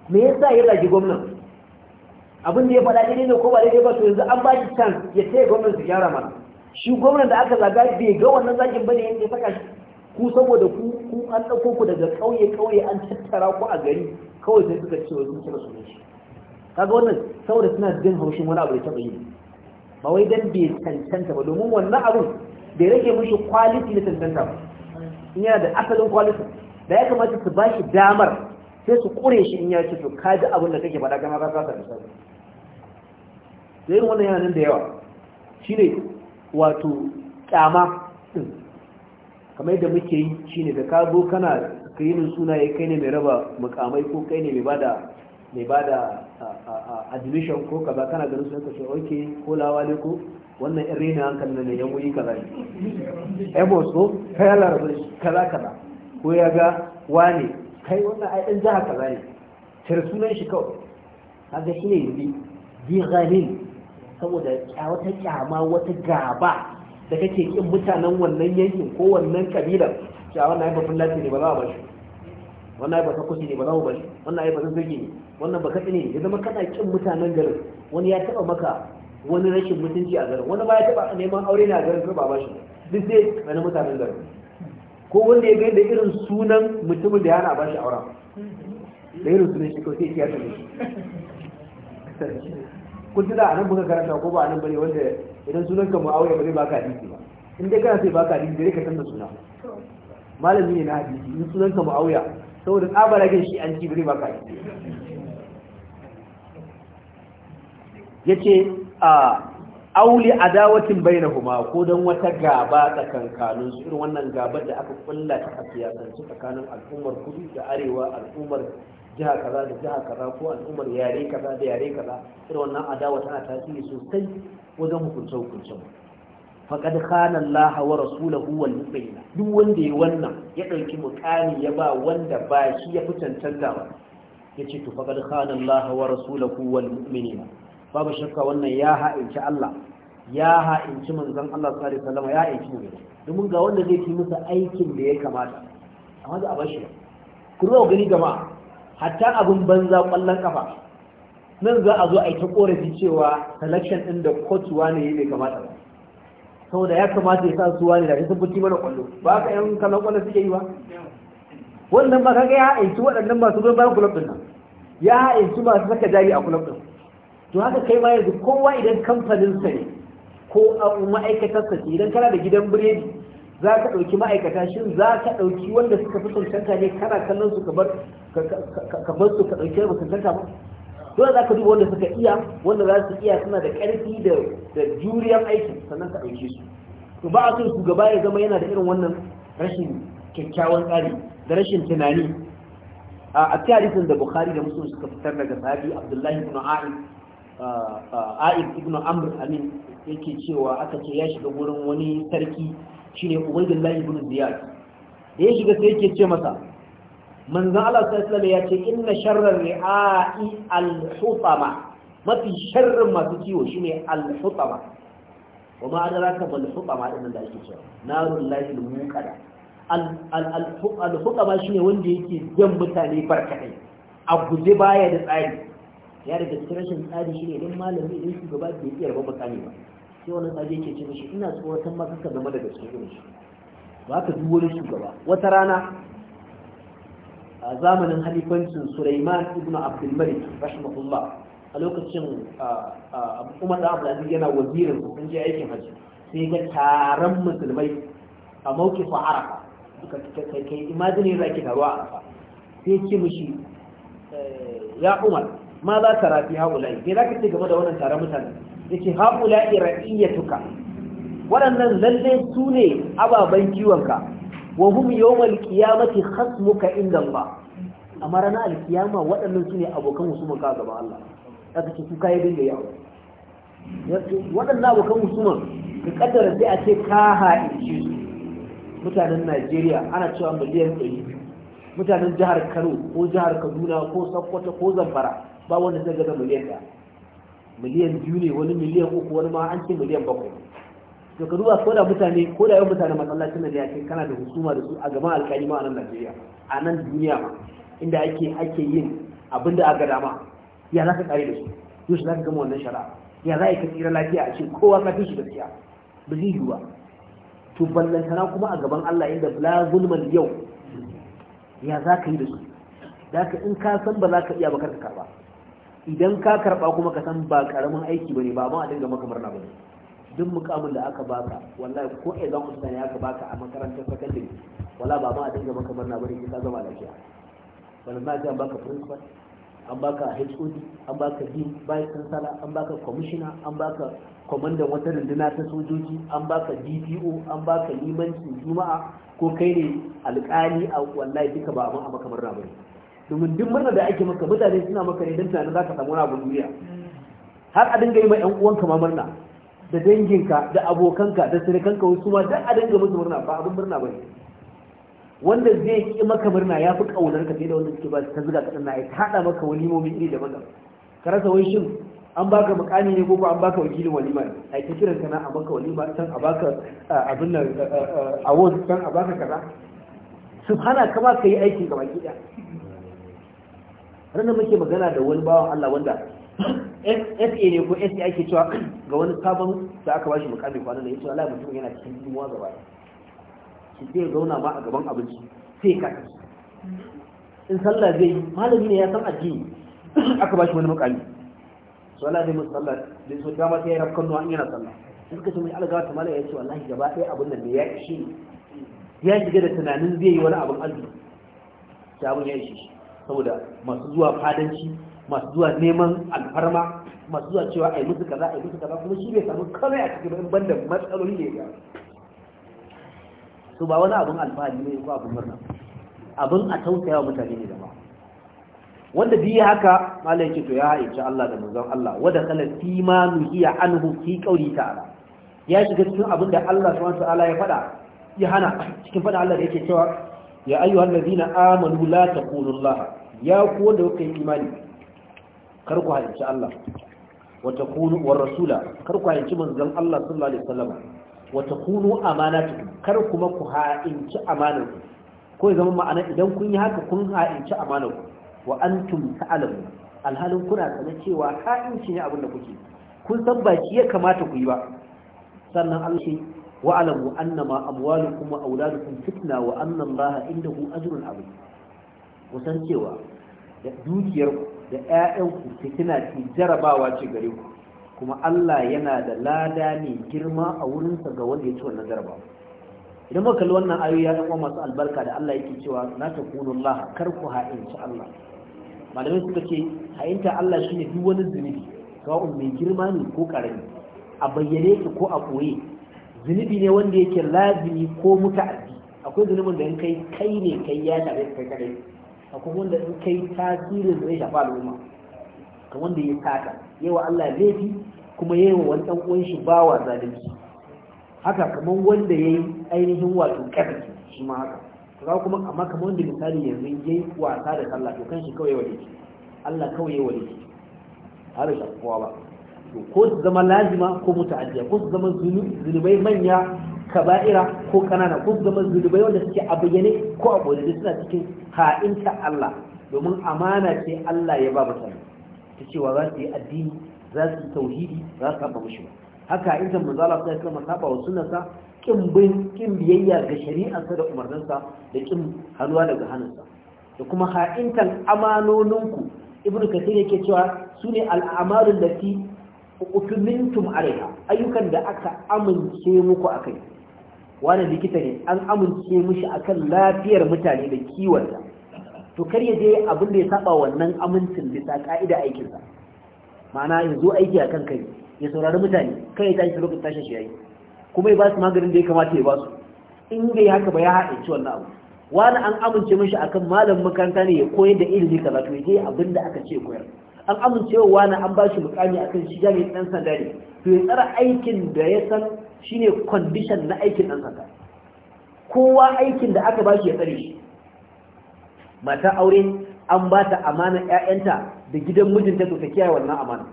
me yasa ya zagi gwamnan abin da ya faɗa daidai ne ko ba daidai ba to yanzu an ba shi can ya taya gwamnan su gyara mana shi gwamnan da aka zaga bai ga wannan zagin ne ya saka shi ku saboda ku ku an dauko ku daga kauye kauye an tattara ku a gari kawai sai suka ce wa mun kira sunan shi kaga wannan saboda suna jin haushin wani abu da taɓa yi ba wai dan bai cancanta ba domin wannan abun ya rage mishi kwaliti na cancanta ba in yana da asalin kwaliti da ya kamata su ba shi damar sai su kure shi in ya ce to ka ji abin da kake faɗa gama kasa da sauri da irin wannan yana nan da yawa shi ne wato kyama din kamar yadda muke yi shine da ka zo kana kai yi suna ya kai ne mai raba mukamai ko kai ne mai bada mai ba da admission ko kaza kana ganin sun kashe ke? ko lawale ko wannan yan rena hankali ne yan wuyi kaza ne emos ko kai ala kaza kaza ko ya ga wane kai wannan ai dan jaha kaza ne cire sunan shi kawai kaga ne yanzu bi saboda wata kyama wata gaba da kake kin mutanen wannan yankin ko wannan kabilar cewa wannan ai babban lati ne ba za a bashi wannan ai ta kusi ne ba za mu shi. wannan ai ba zage ne wannan baka ne ya zama kana kin mutanen garin wani ya taɓa maka wani rashin mutunci a garin wani ba ya taɓa neman aure na garin ba ba shi duk sai wani mutanen garin ko wanda ya gani da irin sunan mutumin da ya na ba shi auren da irin sunan shi kawai sai ya tafi kun tuna a nan muka karanta ko ba a nan bane wanda idan sunan ka mu aure ba zai baka hadisi ba in dai kana sai baka hadisi dai ka san suna malami ne na hadisi in sunan ka mu aure saboda tsabara shi an ci ba zai baka hadisi yace a auli adawacin bai na bainahuma ko don wata gaba tsakankanin su irin wannan gaba da aka kulla ta a siyasance tsakanin al'ummar kudu da arewa al'ummar jiha kaza da jiha kaza ko al'ummar yare kaza da yare kaza irin wannan adawa tana tasiri sosai wajen hukunce hukuncen faqad khana Allah wa rasulahu wal mu'minina duk wanda ya wannan ya dauki mukami ya ba wanda ba shi ya fi cancanta ba yace to faqad khana Allah wa rasulahu wal mu'minina babu shakka wannan ya ha'inci Allah ya ha'inci manzon Allah sallallahu alaihi wasallam ya ha'inci mu domin ga wanda zai yi masa aikin da ya kamata amma da abashi ku ruwa gani jama'a hatta abin banza kwallon kafa nan za a zo a yi ta korafi cewa selection din da coach wani ne bai kamata ba saboda ya kamata ya sa su wani da sun fitti mana kwallo ba ka yan kallon kwallo suke yi ba wannan ba ga ya ha'inci waɗannan masu zuwa bayan kulob din nan ya ha'inci masu saka jari a kulob din to haka kai ma yanzu kowa idan kamfaninsa ne ko ma'aikatarsa ce idan kana da gidan biredi za ka ɗauki ma'aikata shin za ka ɗauki wanda suka fi cancanta ne kana kallon su kamar kamar su ka ɗauki ba cancanta ba dole za ka duba wanda suka iya wanda za su iya suna da ƙarfi da da juriyar aikin sannan ka ɗauke su to ba a so shugaba ya zama yana da irin wannan rashin kyakkyawan tsari da rashin tunani a cikin hadisin da Bukhari da Muslim suka fitar daga sahabi Abdullahi ibn a'ad a'id ibn amr amin yake cewa aka ce ya shiga gurin wani sarki shine ubaydullah ibn ziyad da ya shiga sai yake ce masa manzon Allah sallallahu alaihi ya ce inna sharrar ri'a'i al-hutama mafi sharrin masu ciwo shine al-hutama wa ma adraka bil hutama din da ake cewa narul lahi al-muqada al-hutama shine wanda yake jan mutane barkatai a guje baya da tsari ya daga cikin rashin tsari shine idan malami idan shugaba bai iya rabon makami ba sai wani tsari yake ce mishi ina tsoron ma kanka zama daga cikin irin shi ba ka duk wani shugaba wata rana a zamanin halifancin Sulaiman ibn Abdul Malik rahimahullah a lokacin Umar da Abdulaziz yana wazirin sun je aikin hajji sai ga taron musulmai a mawkifa Arafa kai imajinin da ake taruwa a Arafa sai ce mishi eh, ya Umar ma za ka rafi haƙulai ne za ka ce game da wannan taron mutane yace ya tuka waɗannan lalle su ne ababen kiwonka wa hum yawmal qiyamati khasmuka inda Allah amma ranar alkiyama waɗannan su ne abokan husumanka gaba Allah ka ce su kayi dinga yawo waɗannan abokan husuman ka kaddara sai a ce ka haɗe mutanen Najeriya ana cewa miliyan ɗari mutanen jihar Kano ko jihar Kaduna ko Sokoto ko Zamfara ba wanda zai gaza miliyan ɗaya miliyan biyu ne wani miliyan uku wani ma an ce miliyan bakwai to ka duba ko da mutane ko da yawan mutane masallacin Najeriya ce kana da husuma da su a gaban alƙali ma a nan Najeriya a nan duniya ma inda ake ake yin abin da aka dama ya za ka kare da su yau za ka gama wannan shari'a ya za ka tsira lafiya a ce kowa ka fi shi gaskiya ba zai yiwu ba to ballantana kuma a gaban Allah inda la zulman yau ya za ka yi da su da in ka san ba za ka iya ba karka karba idan ka karba kuma ka san ba karamin aiki bane ba amma a dinga maka murna bane duk mukamin da aka baka wallahi ko exam usta ne aka baka a makarantar sakandare, wala ba ma a dinga maka murna bane ka zama lafiya wannan ma an baka principal an baka HOD an baka dean vice chancellor an baka commissioner an baka kwamandan wata runduna ta sojoji an baka DPO an baka limanci juma'a ko kai ne alƙali a wallahi duka ba a maka murna bane domin duk murna da ake maka mutane suna maka ne don tunanin za ka samu wani abin duniya har a dinga yi ma yan uwanka ma murna da danginka da abokanka da sirikanka wasu ma duk a dinga musu murna ba abin murna ba ne wanda zai ki maka murna ya fi ƙaunar ka da wanda suke ba ta zuga kaɗan na ya haɗa maka walimomi iri da daban ka rasa wai shin an baka mukami ne ko ko an baka wakilin walima ne ai ta kiran kana a baka walima san a baka abin nan award san a baka kaza subhana kama yi aikin ga baki ɗaya ranar muke magana da wani bawan Allah wanda SA ne ko SA ake cewa ga wani sabon da aka bashi mukami kwanan da ya ce Allah mutum yana cikin dimuwa gaba shi zai zauna ma a gaban abinci sai ka in sallah zai malami ne ya san addini aka bashi wani mukami to Allah zai musu sallah da so dama sai ya rafkan nuwa in yana sallah suka ce mai algawa ta malaya ya ce wallahi gaba ɗaya abin nan da ya ishe ya shiga da tunanin zai yi wani abin arziki ta abin ya ishe shi saboda masu zuwa fadanci masu zuwa neman alfarma masu zuwa cewa ai musu kaza ai musu kaza kuma shi bai samu kawai a cikin ban banda matsaloli ne ga su ba wani abin alfahari ne ko abin murna abin a tausayawa mutane ne da ba wanda bi haka malai yake to ya haice Allah da manzon Allah wada kala fi ma nuhiya anhu fi qauli ta'ala ya shiga cikin abin da Allah subhanahu wa ta'ala ya faɗa ya hana cikin faɗa Allah da yake cewa ya ayyuhallazina amanu la taqulullaha ya ku wanda kuka yi imani kar ku halinci Allah wa kunu wa rasula kar ku halinci manzon Allah sallallahu alaihi wasallam wa kunu amanatu kar kuma ku ha'inci amanar ko ya zama ma'ana idan kun yi haka kun ha'inci amanar wa antum ta'lamun alhalin kuna sanin cewa ha'inci ne abin da kuke kun san ba shi ya kamata ku yi ba sannan Allah shi wa alamu annama amwalukum wa auladukum fitna wa anna Allah indahu ajrun abin kusan cewa da dukiyarku da 'ya'yanku fitina ce jarabawa ce gare ku kuma Allah yana da lada ne girma a wurinsa ga wanda ya ci wannan jarabawa idan muka kalli wannan ayoyi ya kuma masu albarka da Allah yake cewa na ta kunu Allah kar ku ha'inci Allah malamai suka ce ha'inta Allah shine duk wani zunubi sawa'un mai girma ne ko karami a bayyane ki ko a koye zunubi ne wanda yake lazimi ko muta'addi akwai zunubin da in kai kai ne kai ya tabe kai kadai akwai wanda in kai tasirin zai shafa al'umma ka wanda ya taka yawa Allah laifi kuma yawa wani dan uwan shi bawa zalunci haka kamar wanda yayi ainihin wato kafi shi ma haka Ka kuma amma kamar wanda misali yanzu yayi wasa da sallah to kan shi kawai wale shi Allah kawai ya wale shi har shi kowa ba ko su zama lazima ko muta'addiya ko su zama zunubai manya kaba'ira ko kanana ko gaban zunubai wanda suke a bayyane ko a boye suna cikin ha'inta Allah domin amana ce Allah ya ba mutane ta cewa za su yi addini za su tauhidi za su saba mushi haka in san manzo sai kuma saba wa sunnarsa kin bin kin biyayya ga shari'arsa da umarninsa da kin haluwa daga hannunsa da kuma ha'intan amanoninku ibnu kathir yake cewa sune al'amalul lati utumintum alaiha ayyukan da aka amince muku akai wani likita ne an amince mishi akan lafiyar mutane da kiwonta to kar ya je abin da ya saba wannan amincin bisa ka'ida aikinsa ma'ana ya zo aiki a kan kai ya saurari mutane kai ya tashi lokacin tashin shi yayi kuma ya ba su maganin da ya kamata ya ba su in ya haka ba ya haɗa ci wannan abu wani an amince mishi akan malam makaranta ne ya koyar da ilimi kaza to ya je abin da aka ce koyar an amincewa na an ba shi mukami akan kan shi jami'in ɗan sanda ne to ya tsara aikin da ya san shi ne kwandishan na aikin ɗan sanda kowa aikin da aka ba shi ya tsare shi mata aure an ba ta amanar 'ya'yanta da gidan mijinta to ta kiyaye wannan amana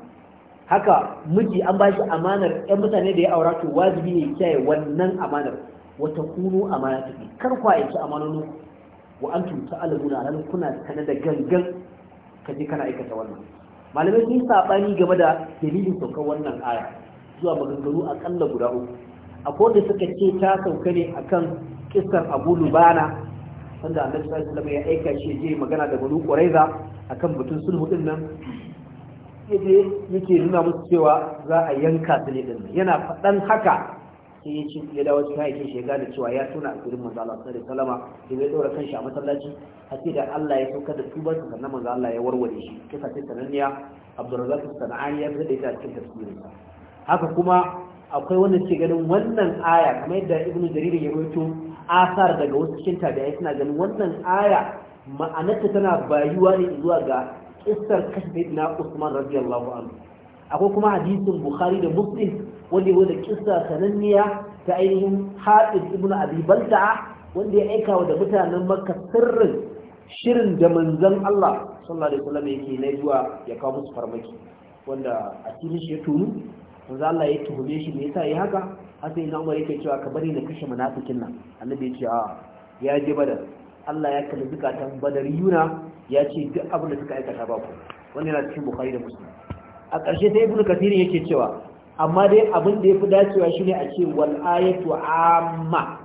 haka miji an ba shi amanar 'yan mutane da ya aura to wajibi ne ya kiyaye wannan amanar wata kunu amana take kar ku aiki amanonin wa antum ta'lamuna alal kuna kana da gangan kaje kana aikata wannan malamai sun saɓani game da dalilin saukar wannan aya zuwa maganganu aƙalla guda uku akwai da suka ce ta sauka ne akan ƙistar abu lubana wanda annabi sallallahu alaihi wasallam ya aika shi je magana da banu quraiza akan batun sulhu din nan yake nuna musu cewa za a yanka su ne din yana faɗan haka sai ya ci ya dawo cikin aikin shi da cewa ya tona asirin manzo Allah sallallahu alaihi wasallam sai ya dora kanshi a masallaci har sai da Allah ya saukar da tubar sa sannan manzo Allah ya warware shi kisa ce sananniya Abdurrazzaq Sanani ya da ita cikin tafsirin haka kuma akwai wanda ke ganin wannan aya kamar yadda Ibn Jarir ya rawaito asar daga wasu cikin tabi'ai suna ganin wannan aya ma'anarta tana bayuwa ne zuwa ga kisar kashe na Usman radiyallahu anhu akwai kuma hadisin Bukhari da Muslim wanda ya da kisa sananniya ta ainihin haɗin ibn abi balta wanda ya aika wa da mutanen makka sirrin shirin da manzan Allah sallallahu alaihi wasallam yake na zuwa ya kawo musu farmaki wanda a cikin shi ya tunu manzon Allah ya tuhume shi me yasa yi haka har sai na Umar yake cewa ka bari na kashe munafikin nan annabi ya ce a ya je badar Allah ya kalli zakatan badar yuna ya ce duk abin da suka aikata ba ku wannan yana cikin bukhari da muslim a ƙarshe sai ibnu kathir yake cewa amma dai abin da ya fi dacewa shine a ce wal ayatu amma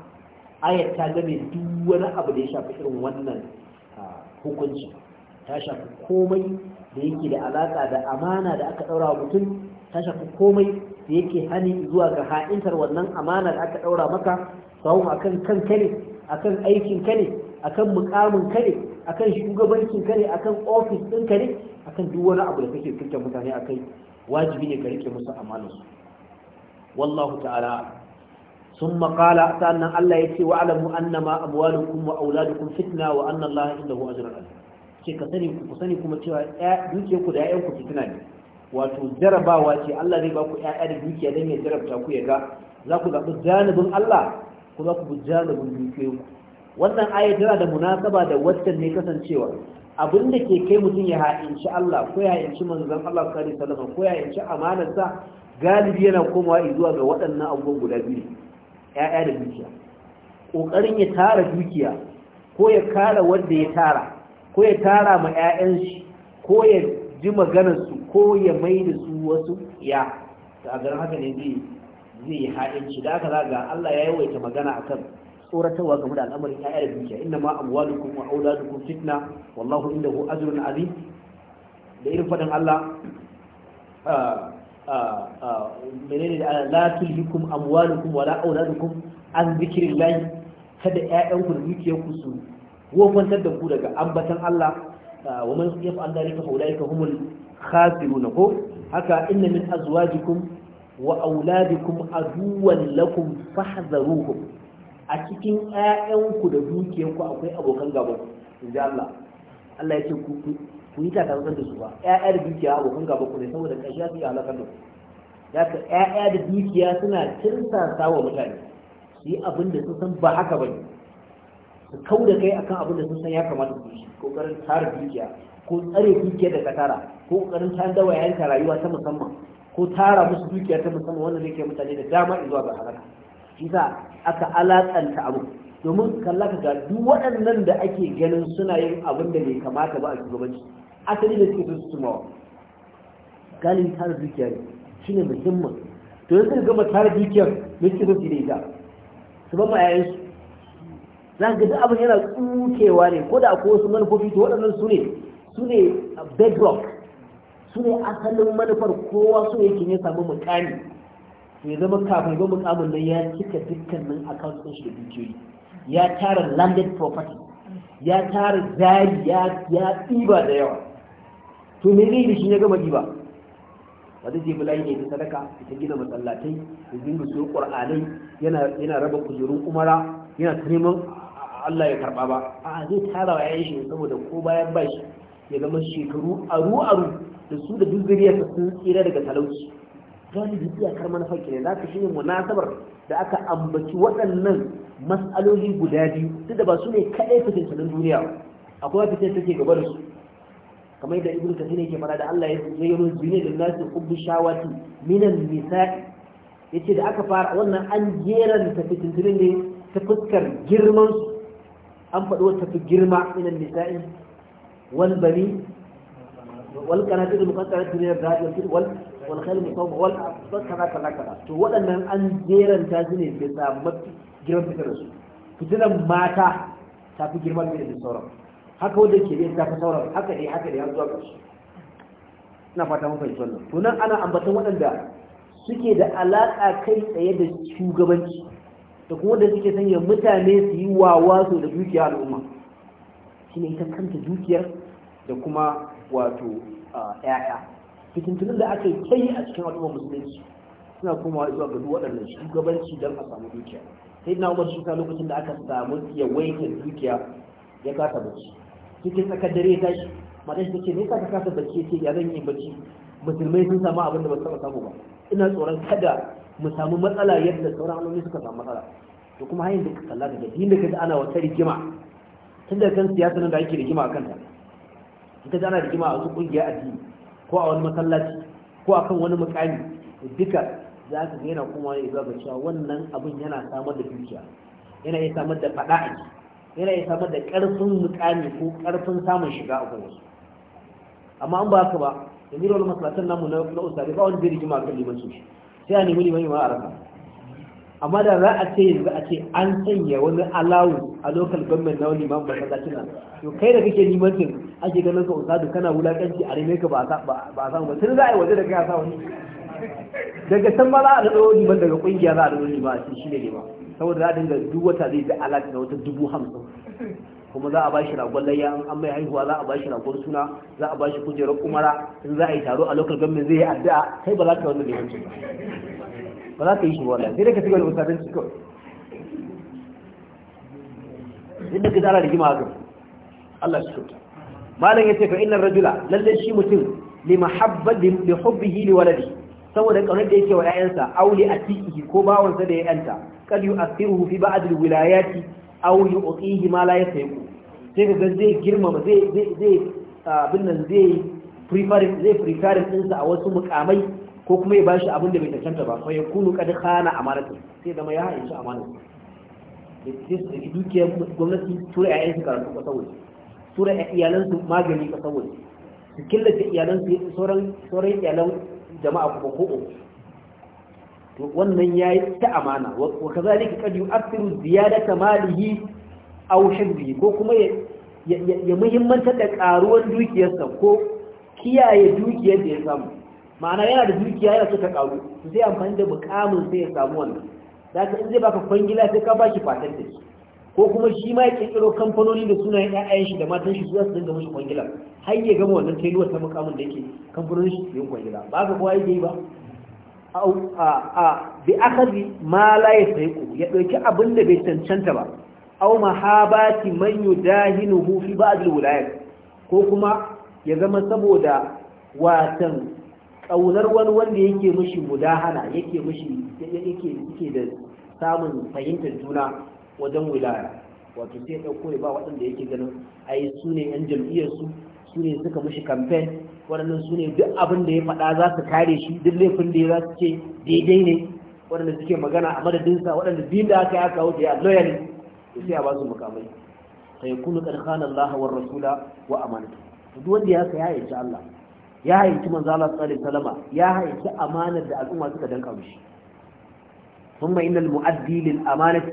ayat ta game duk wani abu da ya shafi irin wannan hukunci ta shafi komai da yake da alaka da amana da aka daura mutum ta shafi komai da yake hani zuwa ga ha'intar wannan amana da aka ɗaura maka sawun akan kan kare akan aikin kare akan mukamin kare akan shugabancin kare akan ofis ɗin kare akan duk wani abu da kake kirkin mutane kai. wajibi ne ka rike musu amanarsu wallahu ta'ala sun makala sannan Allah ya ce wa alamu annama amwalukum wa auladukum fitna wa anna Allah indahu ajrun alim ce ka sani ku sani kuma cewa duke ku da ƴaƴan ku fitina ne wato jarabawa ce Allah zai ba ku ƴaƴa da dukiya dan ya jarabta ku ya ga za ku zaɓi janibin Allah ku za ku bi janibin dukiyoyin ku wannan aya tana da munasaba da waccan ne kasancewa abin da ke kai mutum ya ha'inci Allah ko ya ha'inci manzon Allah sallallahu alaihi wasallam ko ya ha'inci amanarsa galibi yana komawa zuwa ga waɗannan abubuwan guda biyu yaya da dukiya kokarin ya tara dukiya ko ya kara wanda ya tara ko ya tara ma ƴaƴan shi ko ya ji maganarsu, su ko ya mai da su wasu ya ga haka ne zai zai ha'inci da aka ga Allah ya yawaita magana akan tsoratarwa game da al'amarin ya'ya da dukiya inna ma amwalukum wa auladukum fitna wallahu hu ajrun azim da irin fadan Allah ah, ah, ah, menene da la tulhikum amwalukum wala auladukum an zikrillah kada ƴaƴanku da dukiyarku su wofantar da ku daga ambatan Allah wa man yaf'al dhalika fa ulaika humul khasirun ko haka inna min azwajikum wa auladikum aduwwan lakum fahdharuhum a cikin ƴaƴanku da dukiyanku akwai abokan gaban Inji Allah Allah ya ce ku yi takarar da su ba Ya'ya da dukiya abokan gaban ku ne saboda ƙarshe su yi halakar da ku ya ka ƴaƴa da dukiya suna tirsasa wa mutane su yi abin da sun san ba haka ba ne su kau da kai akan abin da sun san ya kamata su yi ƙoƙarin tara dukiya ko tsare dukiya da ka tara ko ƙoƙarin ta dawa yanka rayuwa ta musamman ko tara musu dukiya ta musamman wanda zai kai mutane da dama zuwa ga halaka shi sa aka alaƙanta abu domin kalla ka ga duk waɗannan da ake ganin suna yin abin da bai kamata ba a shugabanci asali da suke su mawa galin tara dukiya ne shi ne muhimmin to yanzu gama tara dukiyar da suke su da ita su ba ma yayansu za ka duk abin yana tsukewa ne ko da akwai wasu manufofi to waɗannan su ne su ne bedrock su ne asalin manufar kowa so yake ne samu mukami ya zama kafin ban mukamin nan ya cika dukkanin account ɗin shi da dukiyoyi ya tara landed property ya tara zari ya tsiba da yawa to me zai da shi ya gama diba ba zai je layi ne ta sadaka ta gina masallatai da dinga siyo ƙur'anai, yana raba kujerun umara yana neman Allah ya karba ba a zai tara wa yayin shi saboda ko bayan bashi ya zama shekaru aru aru da su da duk zuriyarsa sun tsira daga talauci galibi iyakar manufar kenan za ka shi ne munasabar da aka ambaci waɗannan mas'aloli guda biyu duk da ba su ne kaɗai fitintunan duniya akwai fitin take gaba da su kamar yadda ibnu ne ke fara da Allah ya yi zayyano zine da nasu hubbu shawati minan nisa'i yace da aka fara wannan an jeran ta fitintunan ne ta fuskar girman su an faɗo wata fi girma minan nisa'i wal bani wal qanatir muqattarat min ar-ra'yi wal wal kalmi wal kaza kaza kaza to waɗannan an jeran su ne bai sa mafi girman fitar da su fitinan mata ta fi girman fitar da sauran haka wanda ke bai ta fi sauran haka dai haka dai har zuwa ƙarshe ina fata mun fahimci wannan to nan ana ambaton waɗanda suke da alaƙa kai tsaye da shugabanci da kuma da suke sanya mutane su yi wawa su da dukiya al'umma shine ita kanta dukiyar da kuma wato ah, 'ya'ya fitintunin da aka yi kai a cikin al'ummar musulunci suna komawa zuwa ga duk waɗannan shugabanci don a samu dukiya sai na umar shuka lokacin da aka samu yawaitar dukiya ya kasa bacci cikin tsakar dare ta shi mata shi ce me ka kasa bacci ce ya zan yi bacci musulmai sun samu abin da ba su taɓa samu ba ina tsoron kada mu samu matsala yadda sauran al'ummi suka samu matsala to kuma hanyar da ka kalla daga din da ji ana wata rigima tun da kan siyasa nan da ake rigima a kanta in kaji ana rigima a wasu kungiya addini ko a wani masallaci ko akan wani mukami duka za ka ga yana kuma ya ga cewa wannan abin yana samar da dukiya yana iya samar da fada a yana iya samar da karfin mukami ko karfin samun shiga a gurin amma an ba ka ba yanzu da wani masallacin namu na usari ba wani jirgin rigima kan limanci sai a nemi limanci ma a rasa amma da za a ce yanzu a ce an sanya wani alawu a lokal government na wani imam masallacin nan to kai da kake limancin ake ganin ka usadu kana wulakanci a rime ka ba a samu ba tun za a yi waje da kai a sa wani daga can ma za a wani liman daga ƙungiya za a daɗo liman a ce shi ne ba saboda za a dinga duk wata zai da alaƙa na wata dubu hamsin kuma za a ba shi ragon layya an mai haihuwa za a ba shi ragon suna za a ba shi kujerar umara in za a yi taro a lokal government zai yi addu'a kai ba za ka wani neman ba ba za ka yi shi wala sai da ka cigaba da musabanci kawai yadda ka tsara rigima a gaba Allah shi kuta malam ya ce fa inna rajula lalle shi mutum li mahabba li hubbihi li waladi saboda kaunar da yake wa ƴaƴansa aw li atihi ko bawansa da ya yanta kad yu'athiruhu fi ba'd al wilayati aw yu'tihi ma la yasayku sai ka ga zai girmama zai zai zai abin nan zai prefer zai prefer din sa a wasu mukamai ko kuma ya bashi abin da bai tantanta ba fa kunu qad khana amanatu sai zama ya haɗe amanatu da dukiyar gwamnati tura yayan su karatu ko saboda tura iyalan su magani ko saboda su killace iyalan su sauran sauran iyalan jama'a kuma ko to wannan yayi ta amana wa kazalika qad yu'athiru ziyadata malihi aw shaddihi ko kuma ya muhimmantar da karuwar dukiyarsa ko kiyaye dukiyar da ya samu ma'ana yana da dukiya yana so ta karu su sai amfani da bukamin sai ya samu wannan da ka in zai baka kwangila sai ka baki fatan da ko kuma shi ma ya kirkiro kamfanoni da sunayen ƴaƴan shi da matan shi su za su dinga mashi kwangila har ya gama wannan tailuwar ta mukamin da yake kamfanoni shi yi kwangila ba ka kowa yake yi ba a bi akadi ma la ya sai ku ya ɗauki abin da bai cancanta ba a'u ba ki man dahinu hufi ba'd alwilayat ko kuma ya zama saboda watan ƙaunar wani wanda yake mushi mudahana yake mishi yake yake da samun fahimtar juna wajen wilaya wato sai ɗauko ya ba waɗanda yake ganin ai su ne yan jam'iyyarsu su ne suka mushi kamfen waɗannan su ne duk abin da ya faɗa za su kare shi duk laifin da ya za su ce daidai ne waɗanda suke magana a madadinsa waɗanda biyun da aka yi aka wuce ya loyal sai a ba su mukamai sai kunu karkhanan Allah wa rasula wa amanatu duk wanda ya sa ya Allah ya haici manzo Allah Salama, ya haici amanar da al'umma suka danka mishi thumma innal mu'addi lil amanati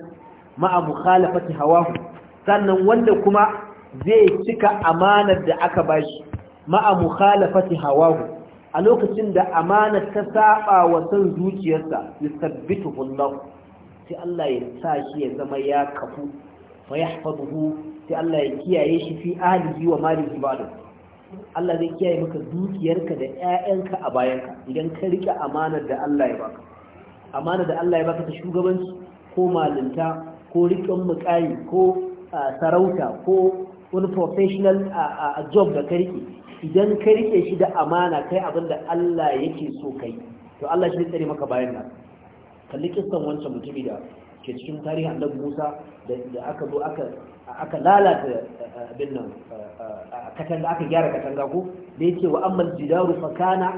ma'a mukhalafati hawahu sannan wanda kuma zai cika amanar da aka bashi ma'a mukhalafati hawahu a lokacin da amanar ta saba wa san zuciyarsa yusabbitu Allah sai Allah ya sa shi ya zama ya kafu fa yahfazuhu sai Allah ya kiyaye shi fi ahlihi wa malihi ba'dahu Allah zai kiyaye maka dukiyarka da ƴaƴanka a bayanka idan ka rike amanar da Allah ya baka amanar da Allah ya baka ta shugabanci ko malinta ko riƙon muƙayi ko sarauta ko wani professional job da ka rike idan ka rike shi da amana kai abinda da Allah yake so kai to Allah shi tsare maka bayan nan kalli kissan wancan mutumi da ke cikin tarihin annabi Musa da aka zo aka aka lalata eh, eh, abin nan eh, katanga aka gyara katanga ko da yake wa ammal jidaru fa kana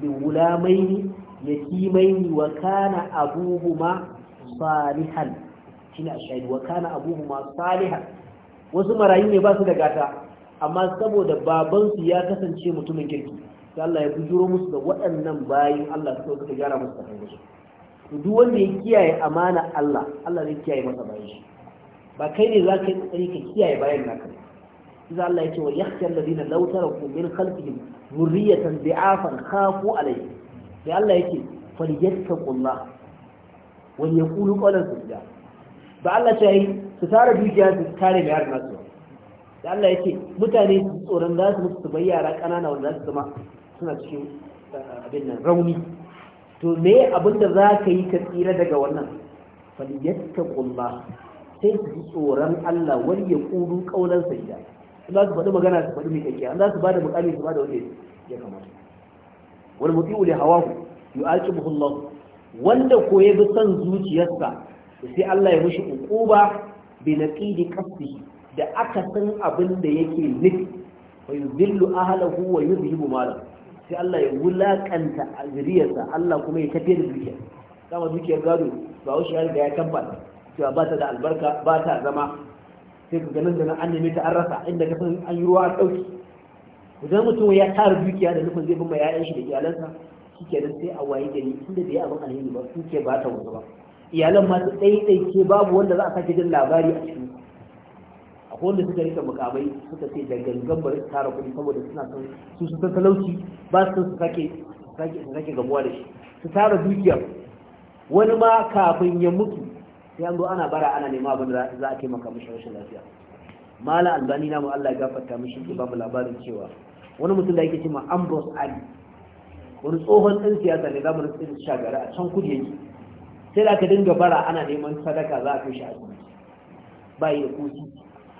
bi gulamaini yatimaini wa kana abuhuma salihan shine wa kana abuhuma salihan wasu marayu ne ba su da gata amma saboda baban su ya kasance mutumin kirki sai Allah ya bujuro musu da waɗannan bayin Allah su ka gyara musu da kansu duk wanda ya kiyaye amana Allah Allah zai kiyaye masa bayan shi ba kai ne za ka yi kokari ka kiyaye bayan naka إذا الله يتي ويخشى الذين لو تركوا من خلفهم ذرية ضعافا خافوا عليه في الله يتي فليتقوا الله وليقولوا قولا سديدا ya شيء su tara dukiya بيار tare da Allah ya ce mutane su tsoron za su mutu bai yara kanana wanda za su zama suna cikin eh, abin nan rauni to me abin da za ka yi ka tsira daga wannan faliyatta ƙullah sai su ji tsoron Allah wani ya kudu kaulan sayida in za su faɗi magana su faɗi mai kakkiya an za su ba da mukami su ba da wani ya kamata Wani hawa ku li hawahu yu'aqibuhu Allah wanda ko ya bi son zuciyarsa sai Allah ya mishi uquba bi ƙidi qasdihi da aka san abin da yake nufi wa yuzillu ahlahu wa yuzhibu malahu sai Allah ya a zuriyarsa Allah kuma ya tafiya da zuciya sama zuciyar gado ba wuce ya riga ya tabbata cewa ba ta da albarka ba ta zama sai ka ganin da na an nemi ta an rasa inda ka san an yi ruwa a ɗauki idan mutum ya tara dukiya da nufin zai bin ma 'ya'yan shi da iyalansa shi ke nan sai a waye gari inda ya abin alheri ba su ke ba ta wanzu ba iyalan masu ce babu wanda za a sake jin labari a cikin akwai wanda suka rika mukamai suka ce da gangan bari su tara kuɗi saboda suna son su su san talauci ba su su sake sake gamuwa da shi su tara dukiya wani ma kafin ya mutu sai an zo ana bara ana nema abin da za a taimaka mishi rashin lafiya mala albani na mu Allah ya gafarta mishi ke babu labarin cewa wani mutum da yake cewa Ambrose Ali wani tsohon ɗan siyasa ne zamanin tsirin shagari a can kudu yake sai da aka dinga bara ana neman sadaka za a kai shi asibiti ba ya da kusi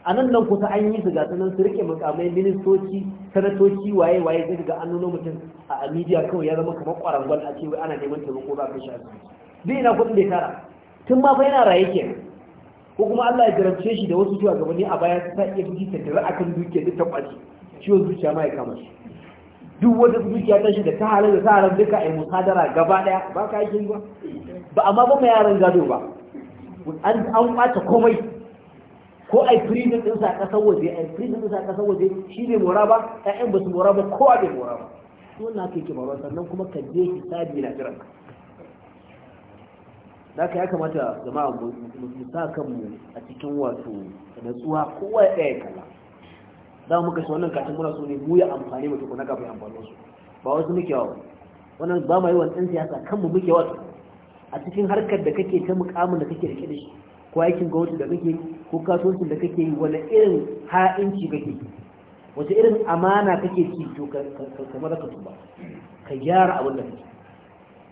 a nan nan kusa an yi su ga sanan su rike mukamai ministoci sanatoci waye waye zai ga an nuno mutum a media kawai ya zama kamar kwarangon a cewa ana neman taimako za a kai shi asibiti zai na kuɗin da ya tara tun ma fa yana raye ke ko kuma Allah ya jarabce shi da wasu zuwa gabani a baya ta iya fi ta tare akan dukiya duk ta kwaci ciwon zuciya ma ya kama shi duk wata zuciya ta shi da ta halar da ta halar duka a yi musadara gaba daya ba ka yi ba ba amma ba mai yaran gado ba an kwace komai ko a yi prison ɗinsa a ƙasar waje a yi prison ɗinsa a ƙasar waje shi ne mora ba ƴaƴan ba su mora ba kowa bai mora ba wannan haka yake faruwa sannan kuma ka je hisabi na jiranka da haka ya kamata jama'a mu sa kanmu a cikin wato natsuwa kowa ya ɗaya kala za mu kashe wannan kashin muna so ne mu ya amfani mutu kuna kafin amfanin su ba wasu muke yawa wannan ba ma yi wani ɗan siyasa kanmu muke wato a cikin harkar da kake ta mukamin da kake rike da shi ko aikin gwamnati da kake ko kasuwancin da kake yi wani irin ha'inci kake wace irin amana kake ci to kamar ka tuba ka gyara abin da kake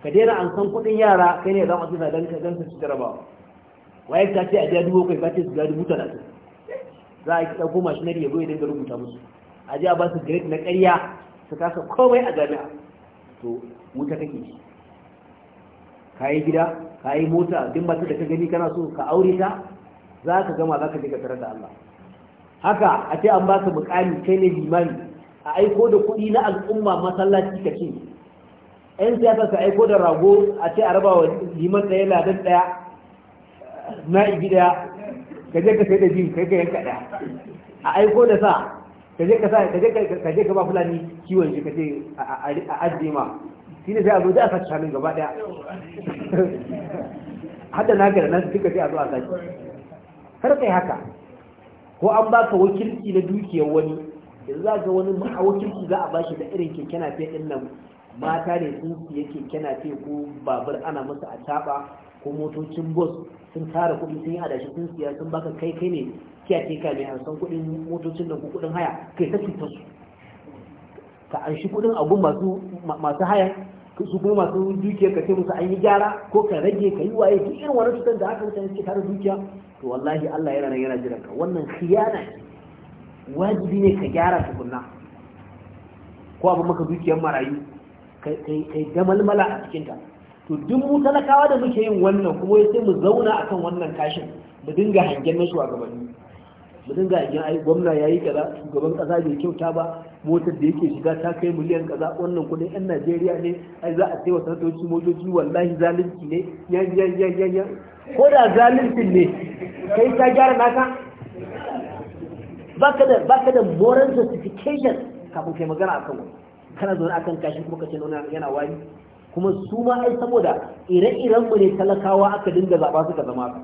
ka daina an san kuɗin yara kai ne zan asusa don ka gansa su jaraba waye ta ce a biya dubu kai ba ce su biya dubu talatin za a goma ɗauko mashinari ya idan dinga rubuta musu a ji a ba su grade na ƙarya su kasa komai a jami'a to wuta kake shi ka yi gida ka yi mota duk mace da ka gani kana so ka aure ta za ka gama za ka je ka tarar da Allah haka a ce an baka mukami kai ne limami a aiko da kuɗi na al'umma masallaci ka ce 'yan siyasa su aiko da rago a ce a raba wa liman ɗaya ladan ɗaya na'ibi ɗaya ka je ka sai da jin kai ka yanka ɗaya a aiko da sa ka je ka sa ka je ka ba fulani kiwon shi ka ce a ajiye ma shi ne sai a zo da a sace hannun gaba ɗaya *laughs* hadda na gara nan duka sai a zo a sace kar kai haka ko an baka wakilci na dukiyar wani yanzu za ga wani wakilci za a bashi da irin kyakkyana fiye ɗin nan mata ne sun yake kyana ce ko babur ana masa a taba ko motocin bus sun tara kuɗi sun yi adashi sun siya sun baka kai kai ne ce ka mai an san motocin da ko kuɗin haya kai ta cutar su ka an shi kuɗin abun masu masu haya su kuma masu dukiya ka ce musu an yi gyara ko ka rage ka yi waye duk irin wani cutar da aka mutane suke tara dukiya to wallahi Allah yana nan yana jiran ka wannan khiyana wajibi ne ka gyara tukunna ko abin maka dukiyar marayu kai malmala a cikinta to duk mu talakawa da muke yin wannan kuma sai mu zauna akan wannan kashin mu dinga hangen a shugabanni mu dinga hangen ai gwamna yayi kaza shugaban kaza bai kyauta ba motar da yake shiga ta kai miliyan kaza wannan kudin yan Najeriya ne ai za a tsaye sanatoci motoci wallahi zalunci ne ya ya ya ya ko da zalunci ne kai ka gyara naka baka da baka da moral justification kafin kai magana akan wannan kana zaune kan kashi kuma ka ce nuna yana wani kuma su ma ai saboda ire-iren mu ne talakawa aka dinga zaba suka zama ka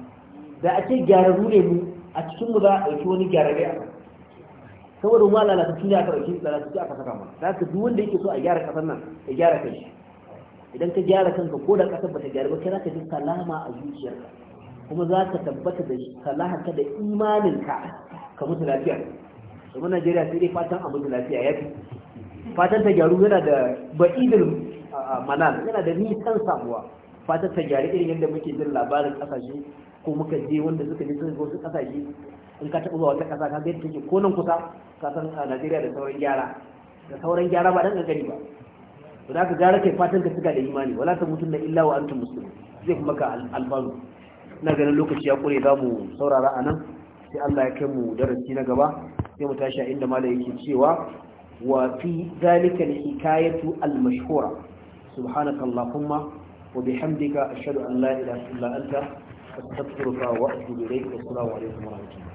da a ce gyararru ne mu a cikin mu za a ɗauki wani gyararre a saboda ma lalatattu ne aka ɗauki lalatattu aka saka mu, za ka duk wanda yake so a gyara ƙasar nan ya gyara kai idan ka gyara kanka ko da ƙasar bata gyara ba kai za ka ji salama a zuciyarka kuma za ka tabbata da salahaka da imaninka ka mutu lafiya domin najeriya sai dai fatan a mutu lafiya ya fi fatan ta gyaru yana da ba'idin manan yana da nisan samuwa fatan ta gyaru irin yadda muke jin labarin kasashe ko muka je wanda suka ji sun wasu kasashe in ka taɓa wata ƙasa ka ga take ko nan kusa ka san Najeriya da sauran gyara da sauran gyara ba dan kankani ba to da ka gyara kai fatan ka suka da imani wala ta na illa wa antum muslimun zai kuma ka alfanu ina ganin lokaci ya kure za mu saurara nan sai Allah ya kai mu darasi na gaba sai mu tashi a inda malam yake cewa وفي ذلك الحكاية المشهورة سبحانك اللهم وبحمدك أشهد أن لا إله إلا أنت أستغفرك وأتوب إليك والسلام عليكم ورحمة الله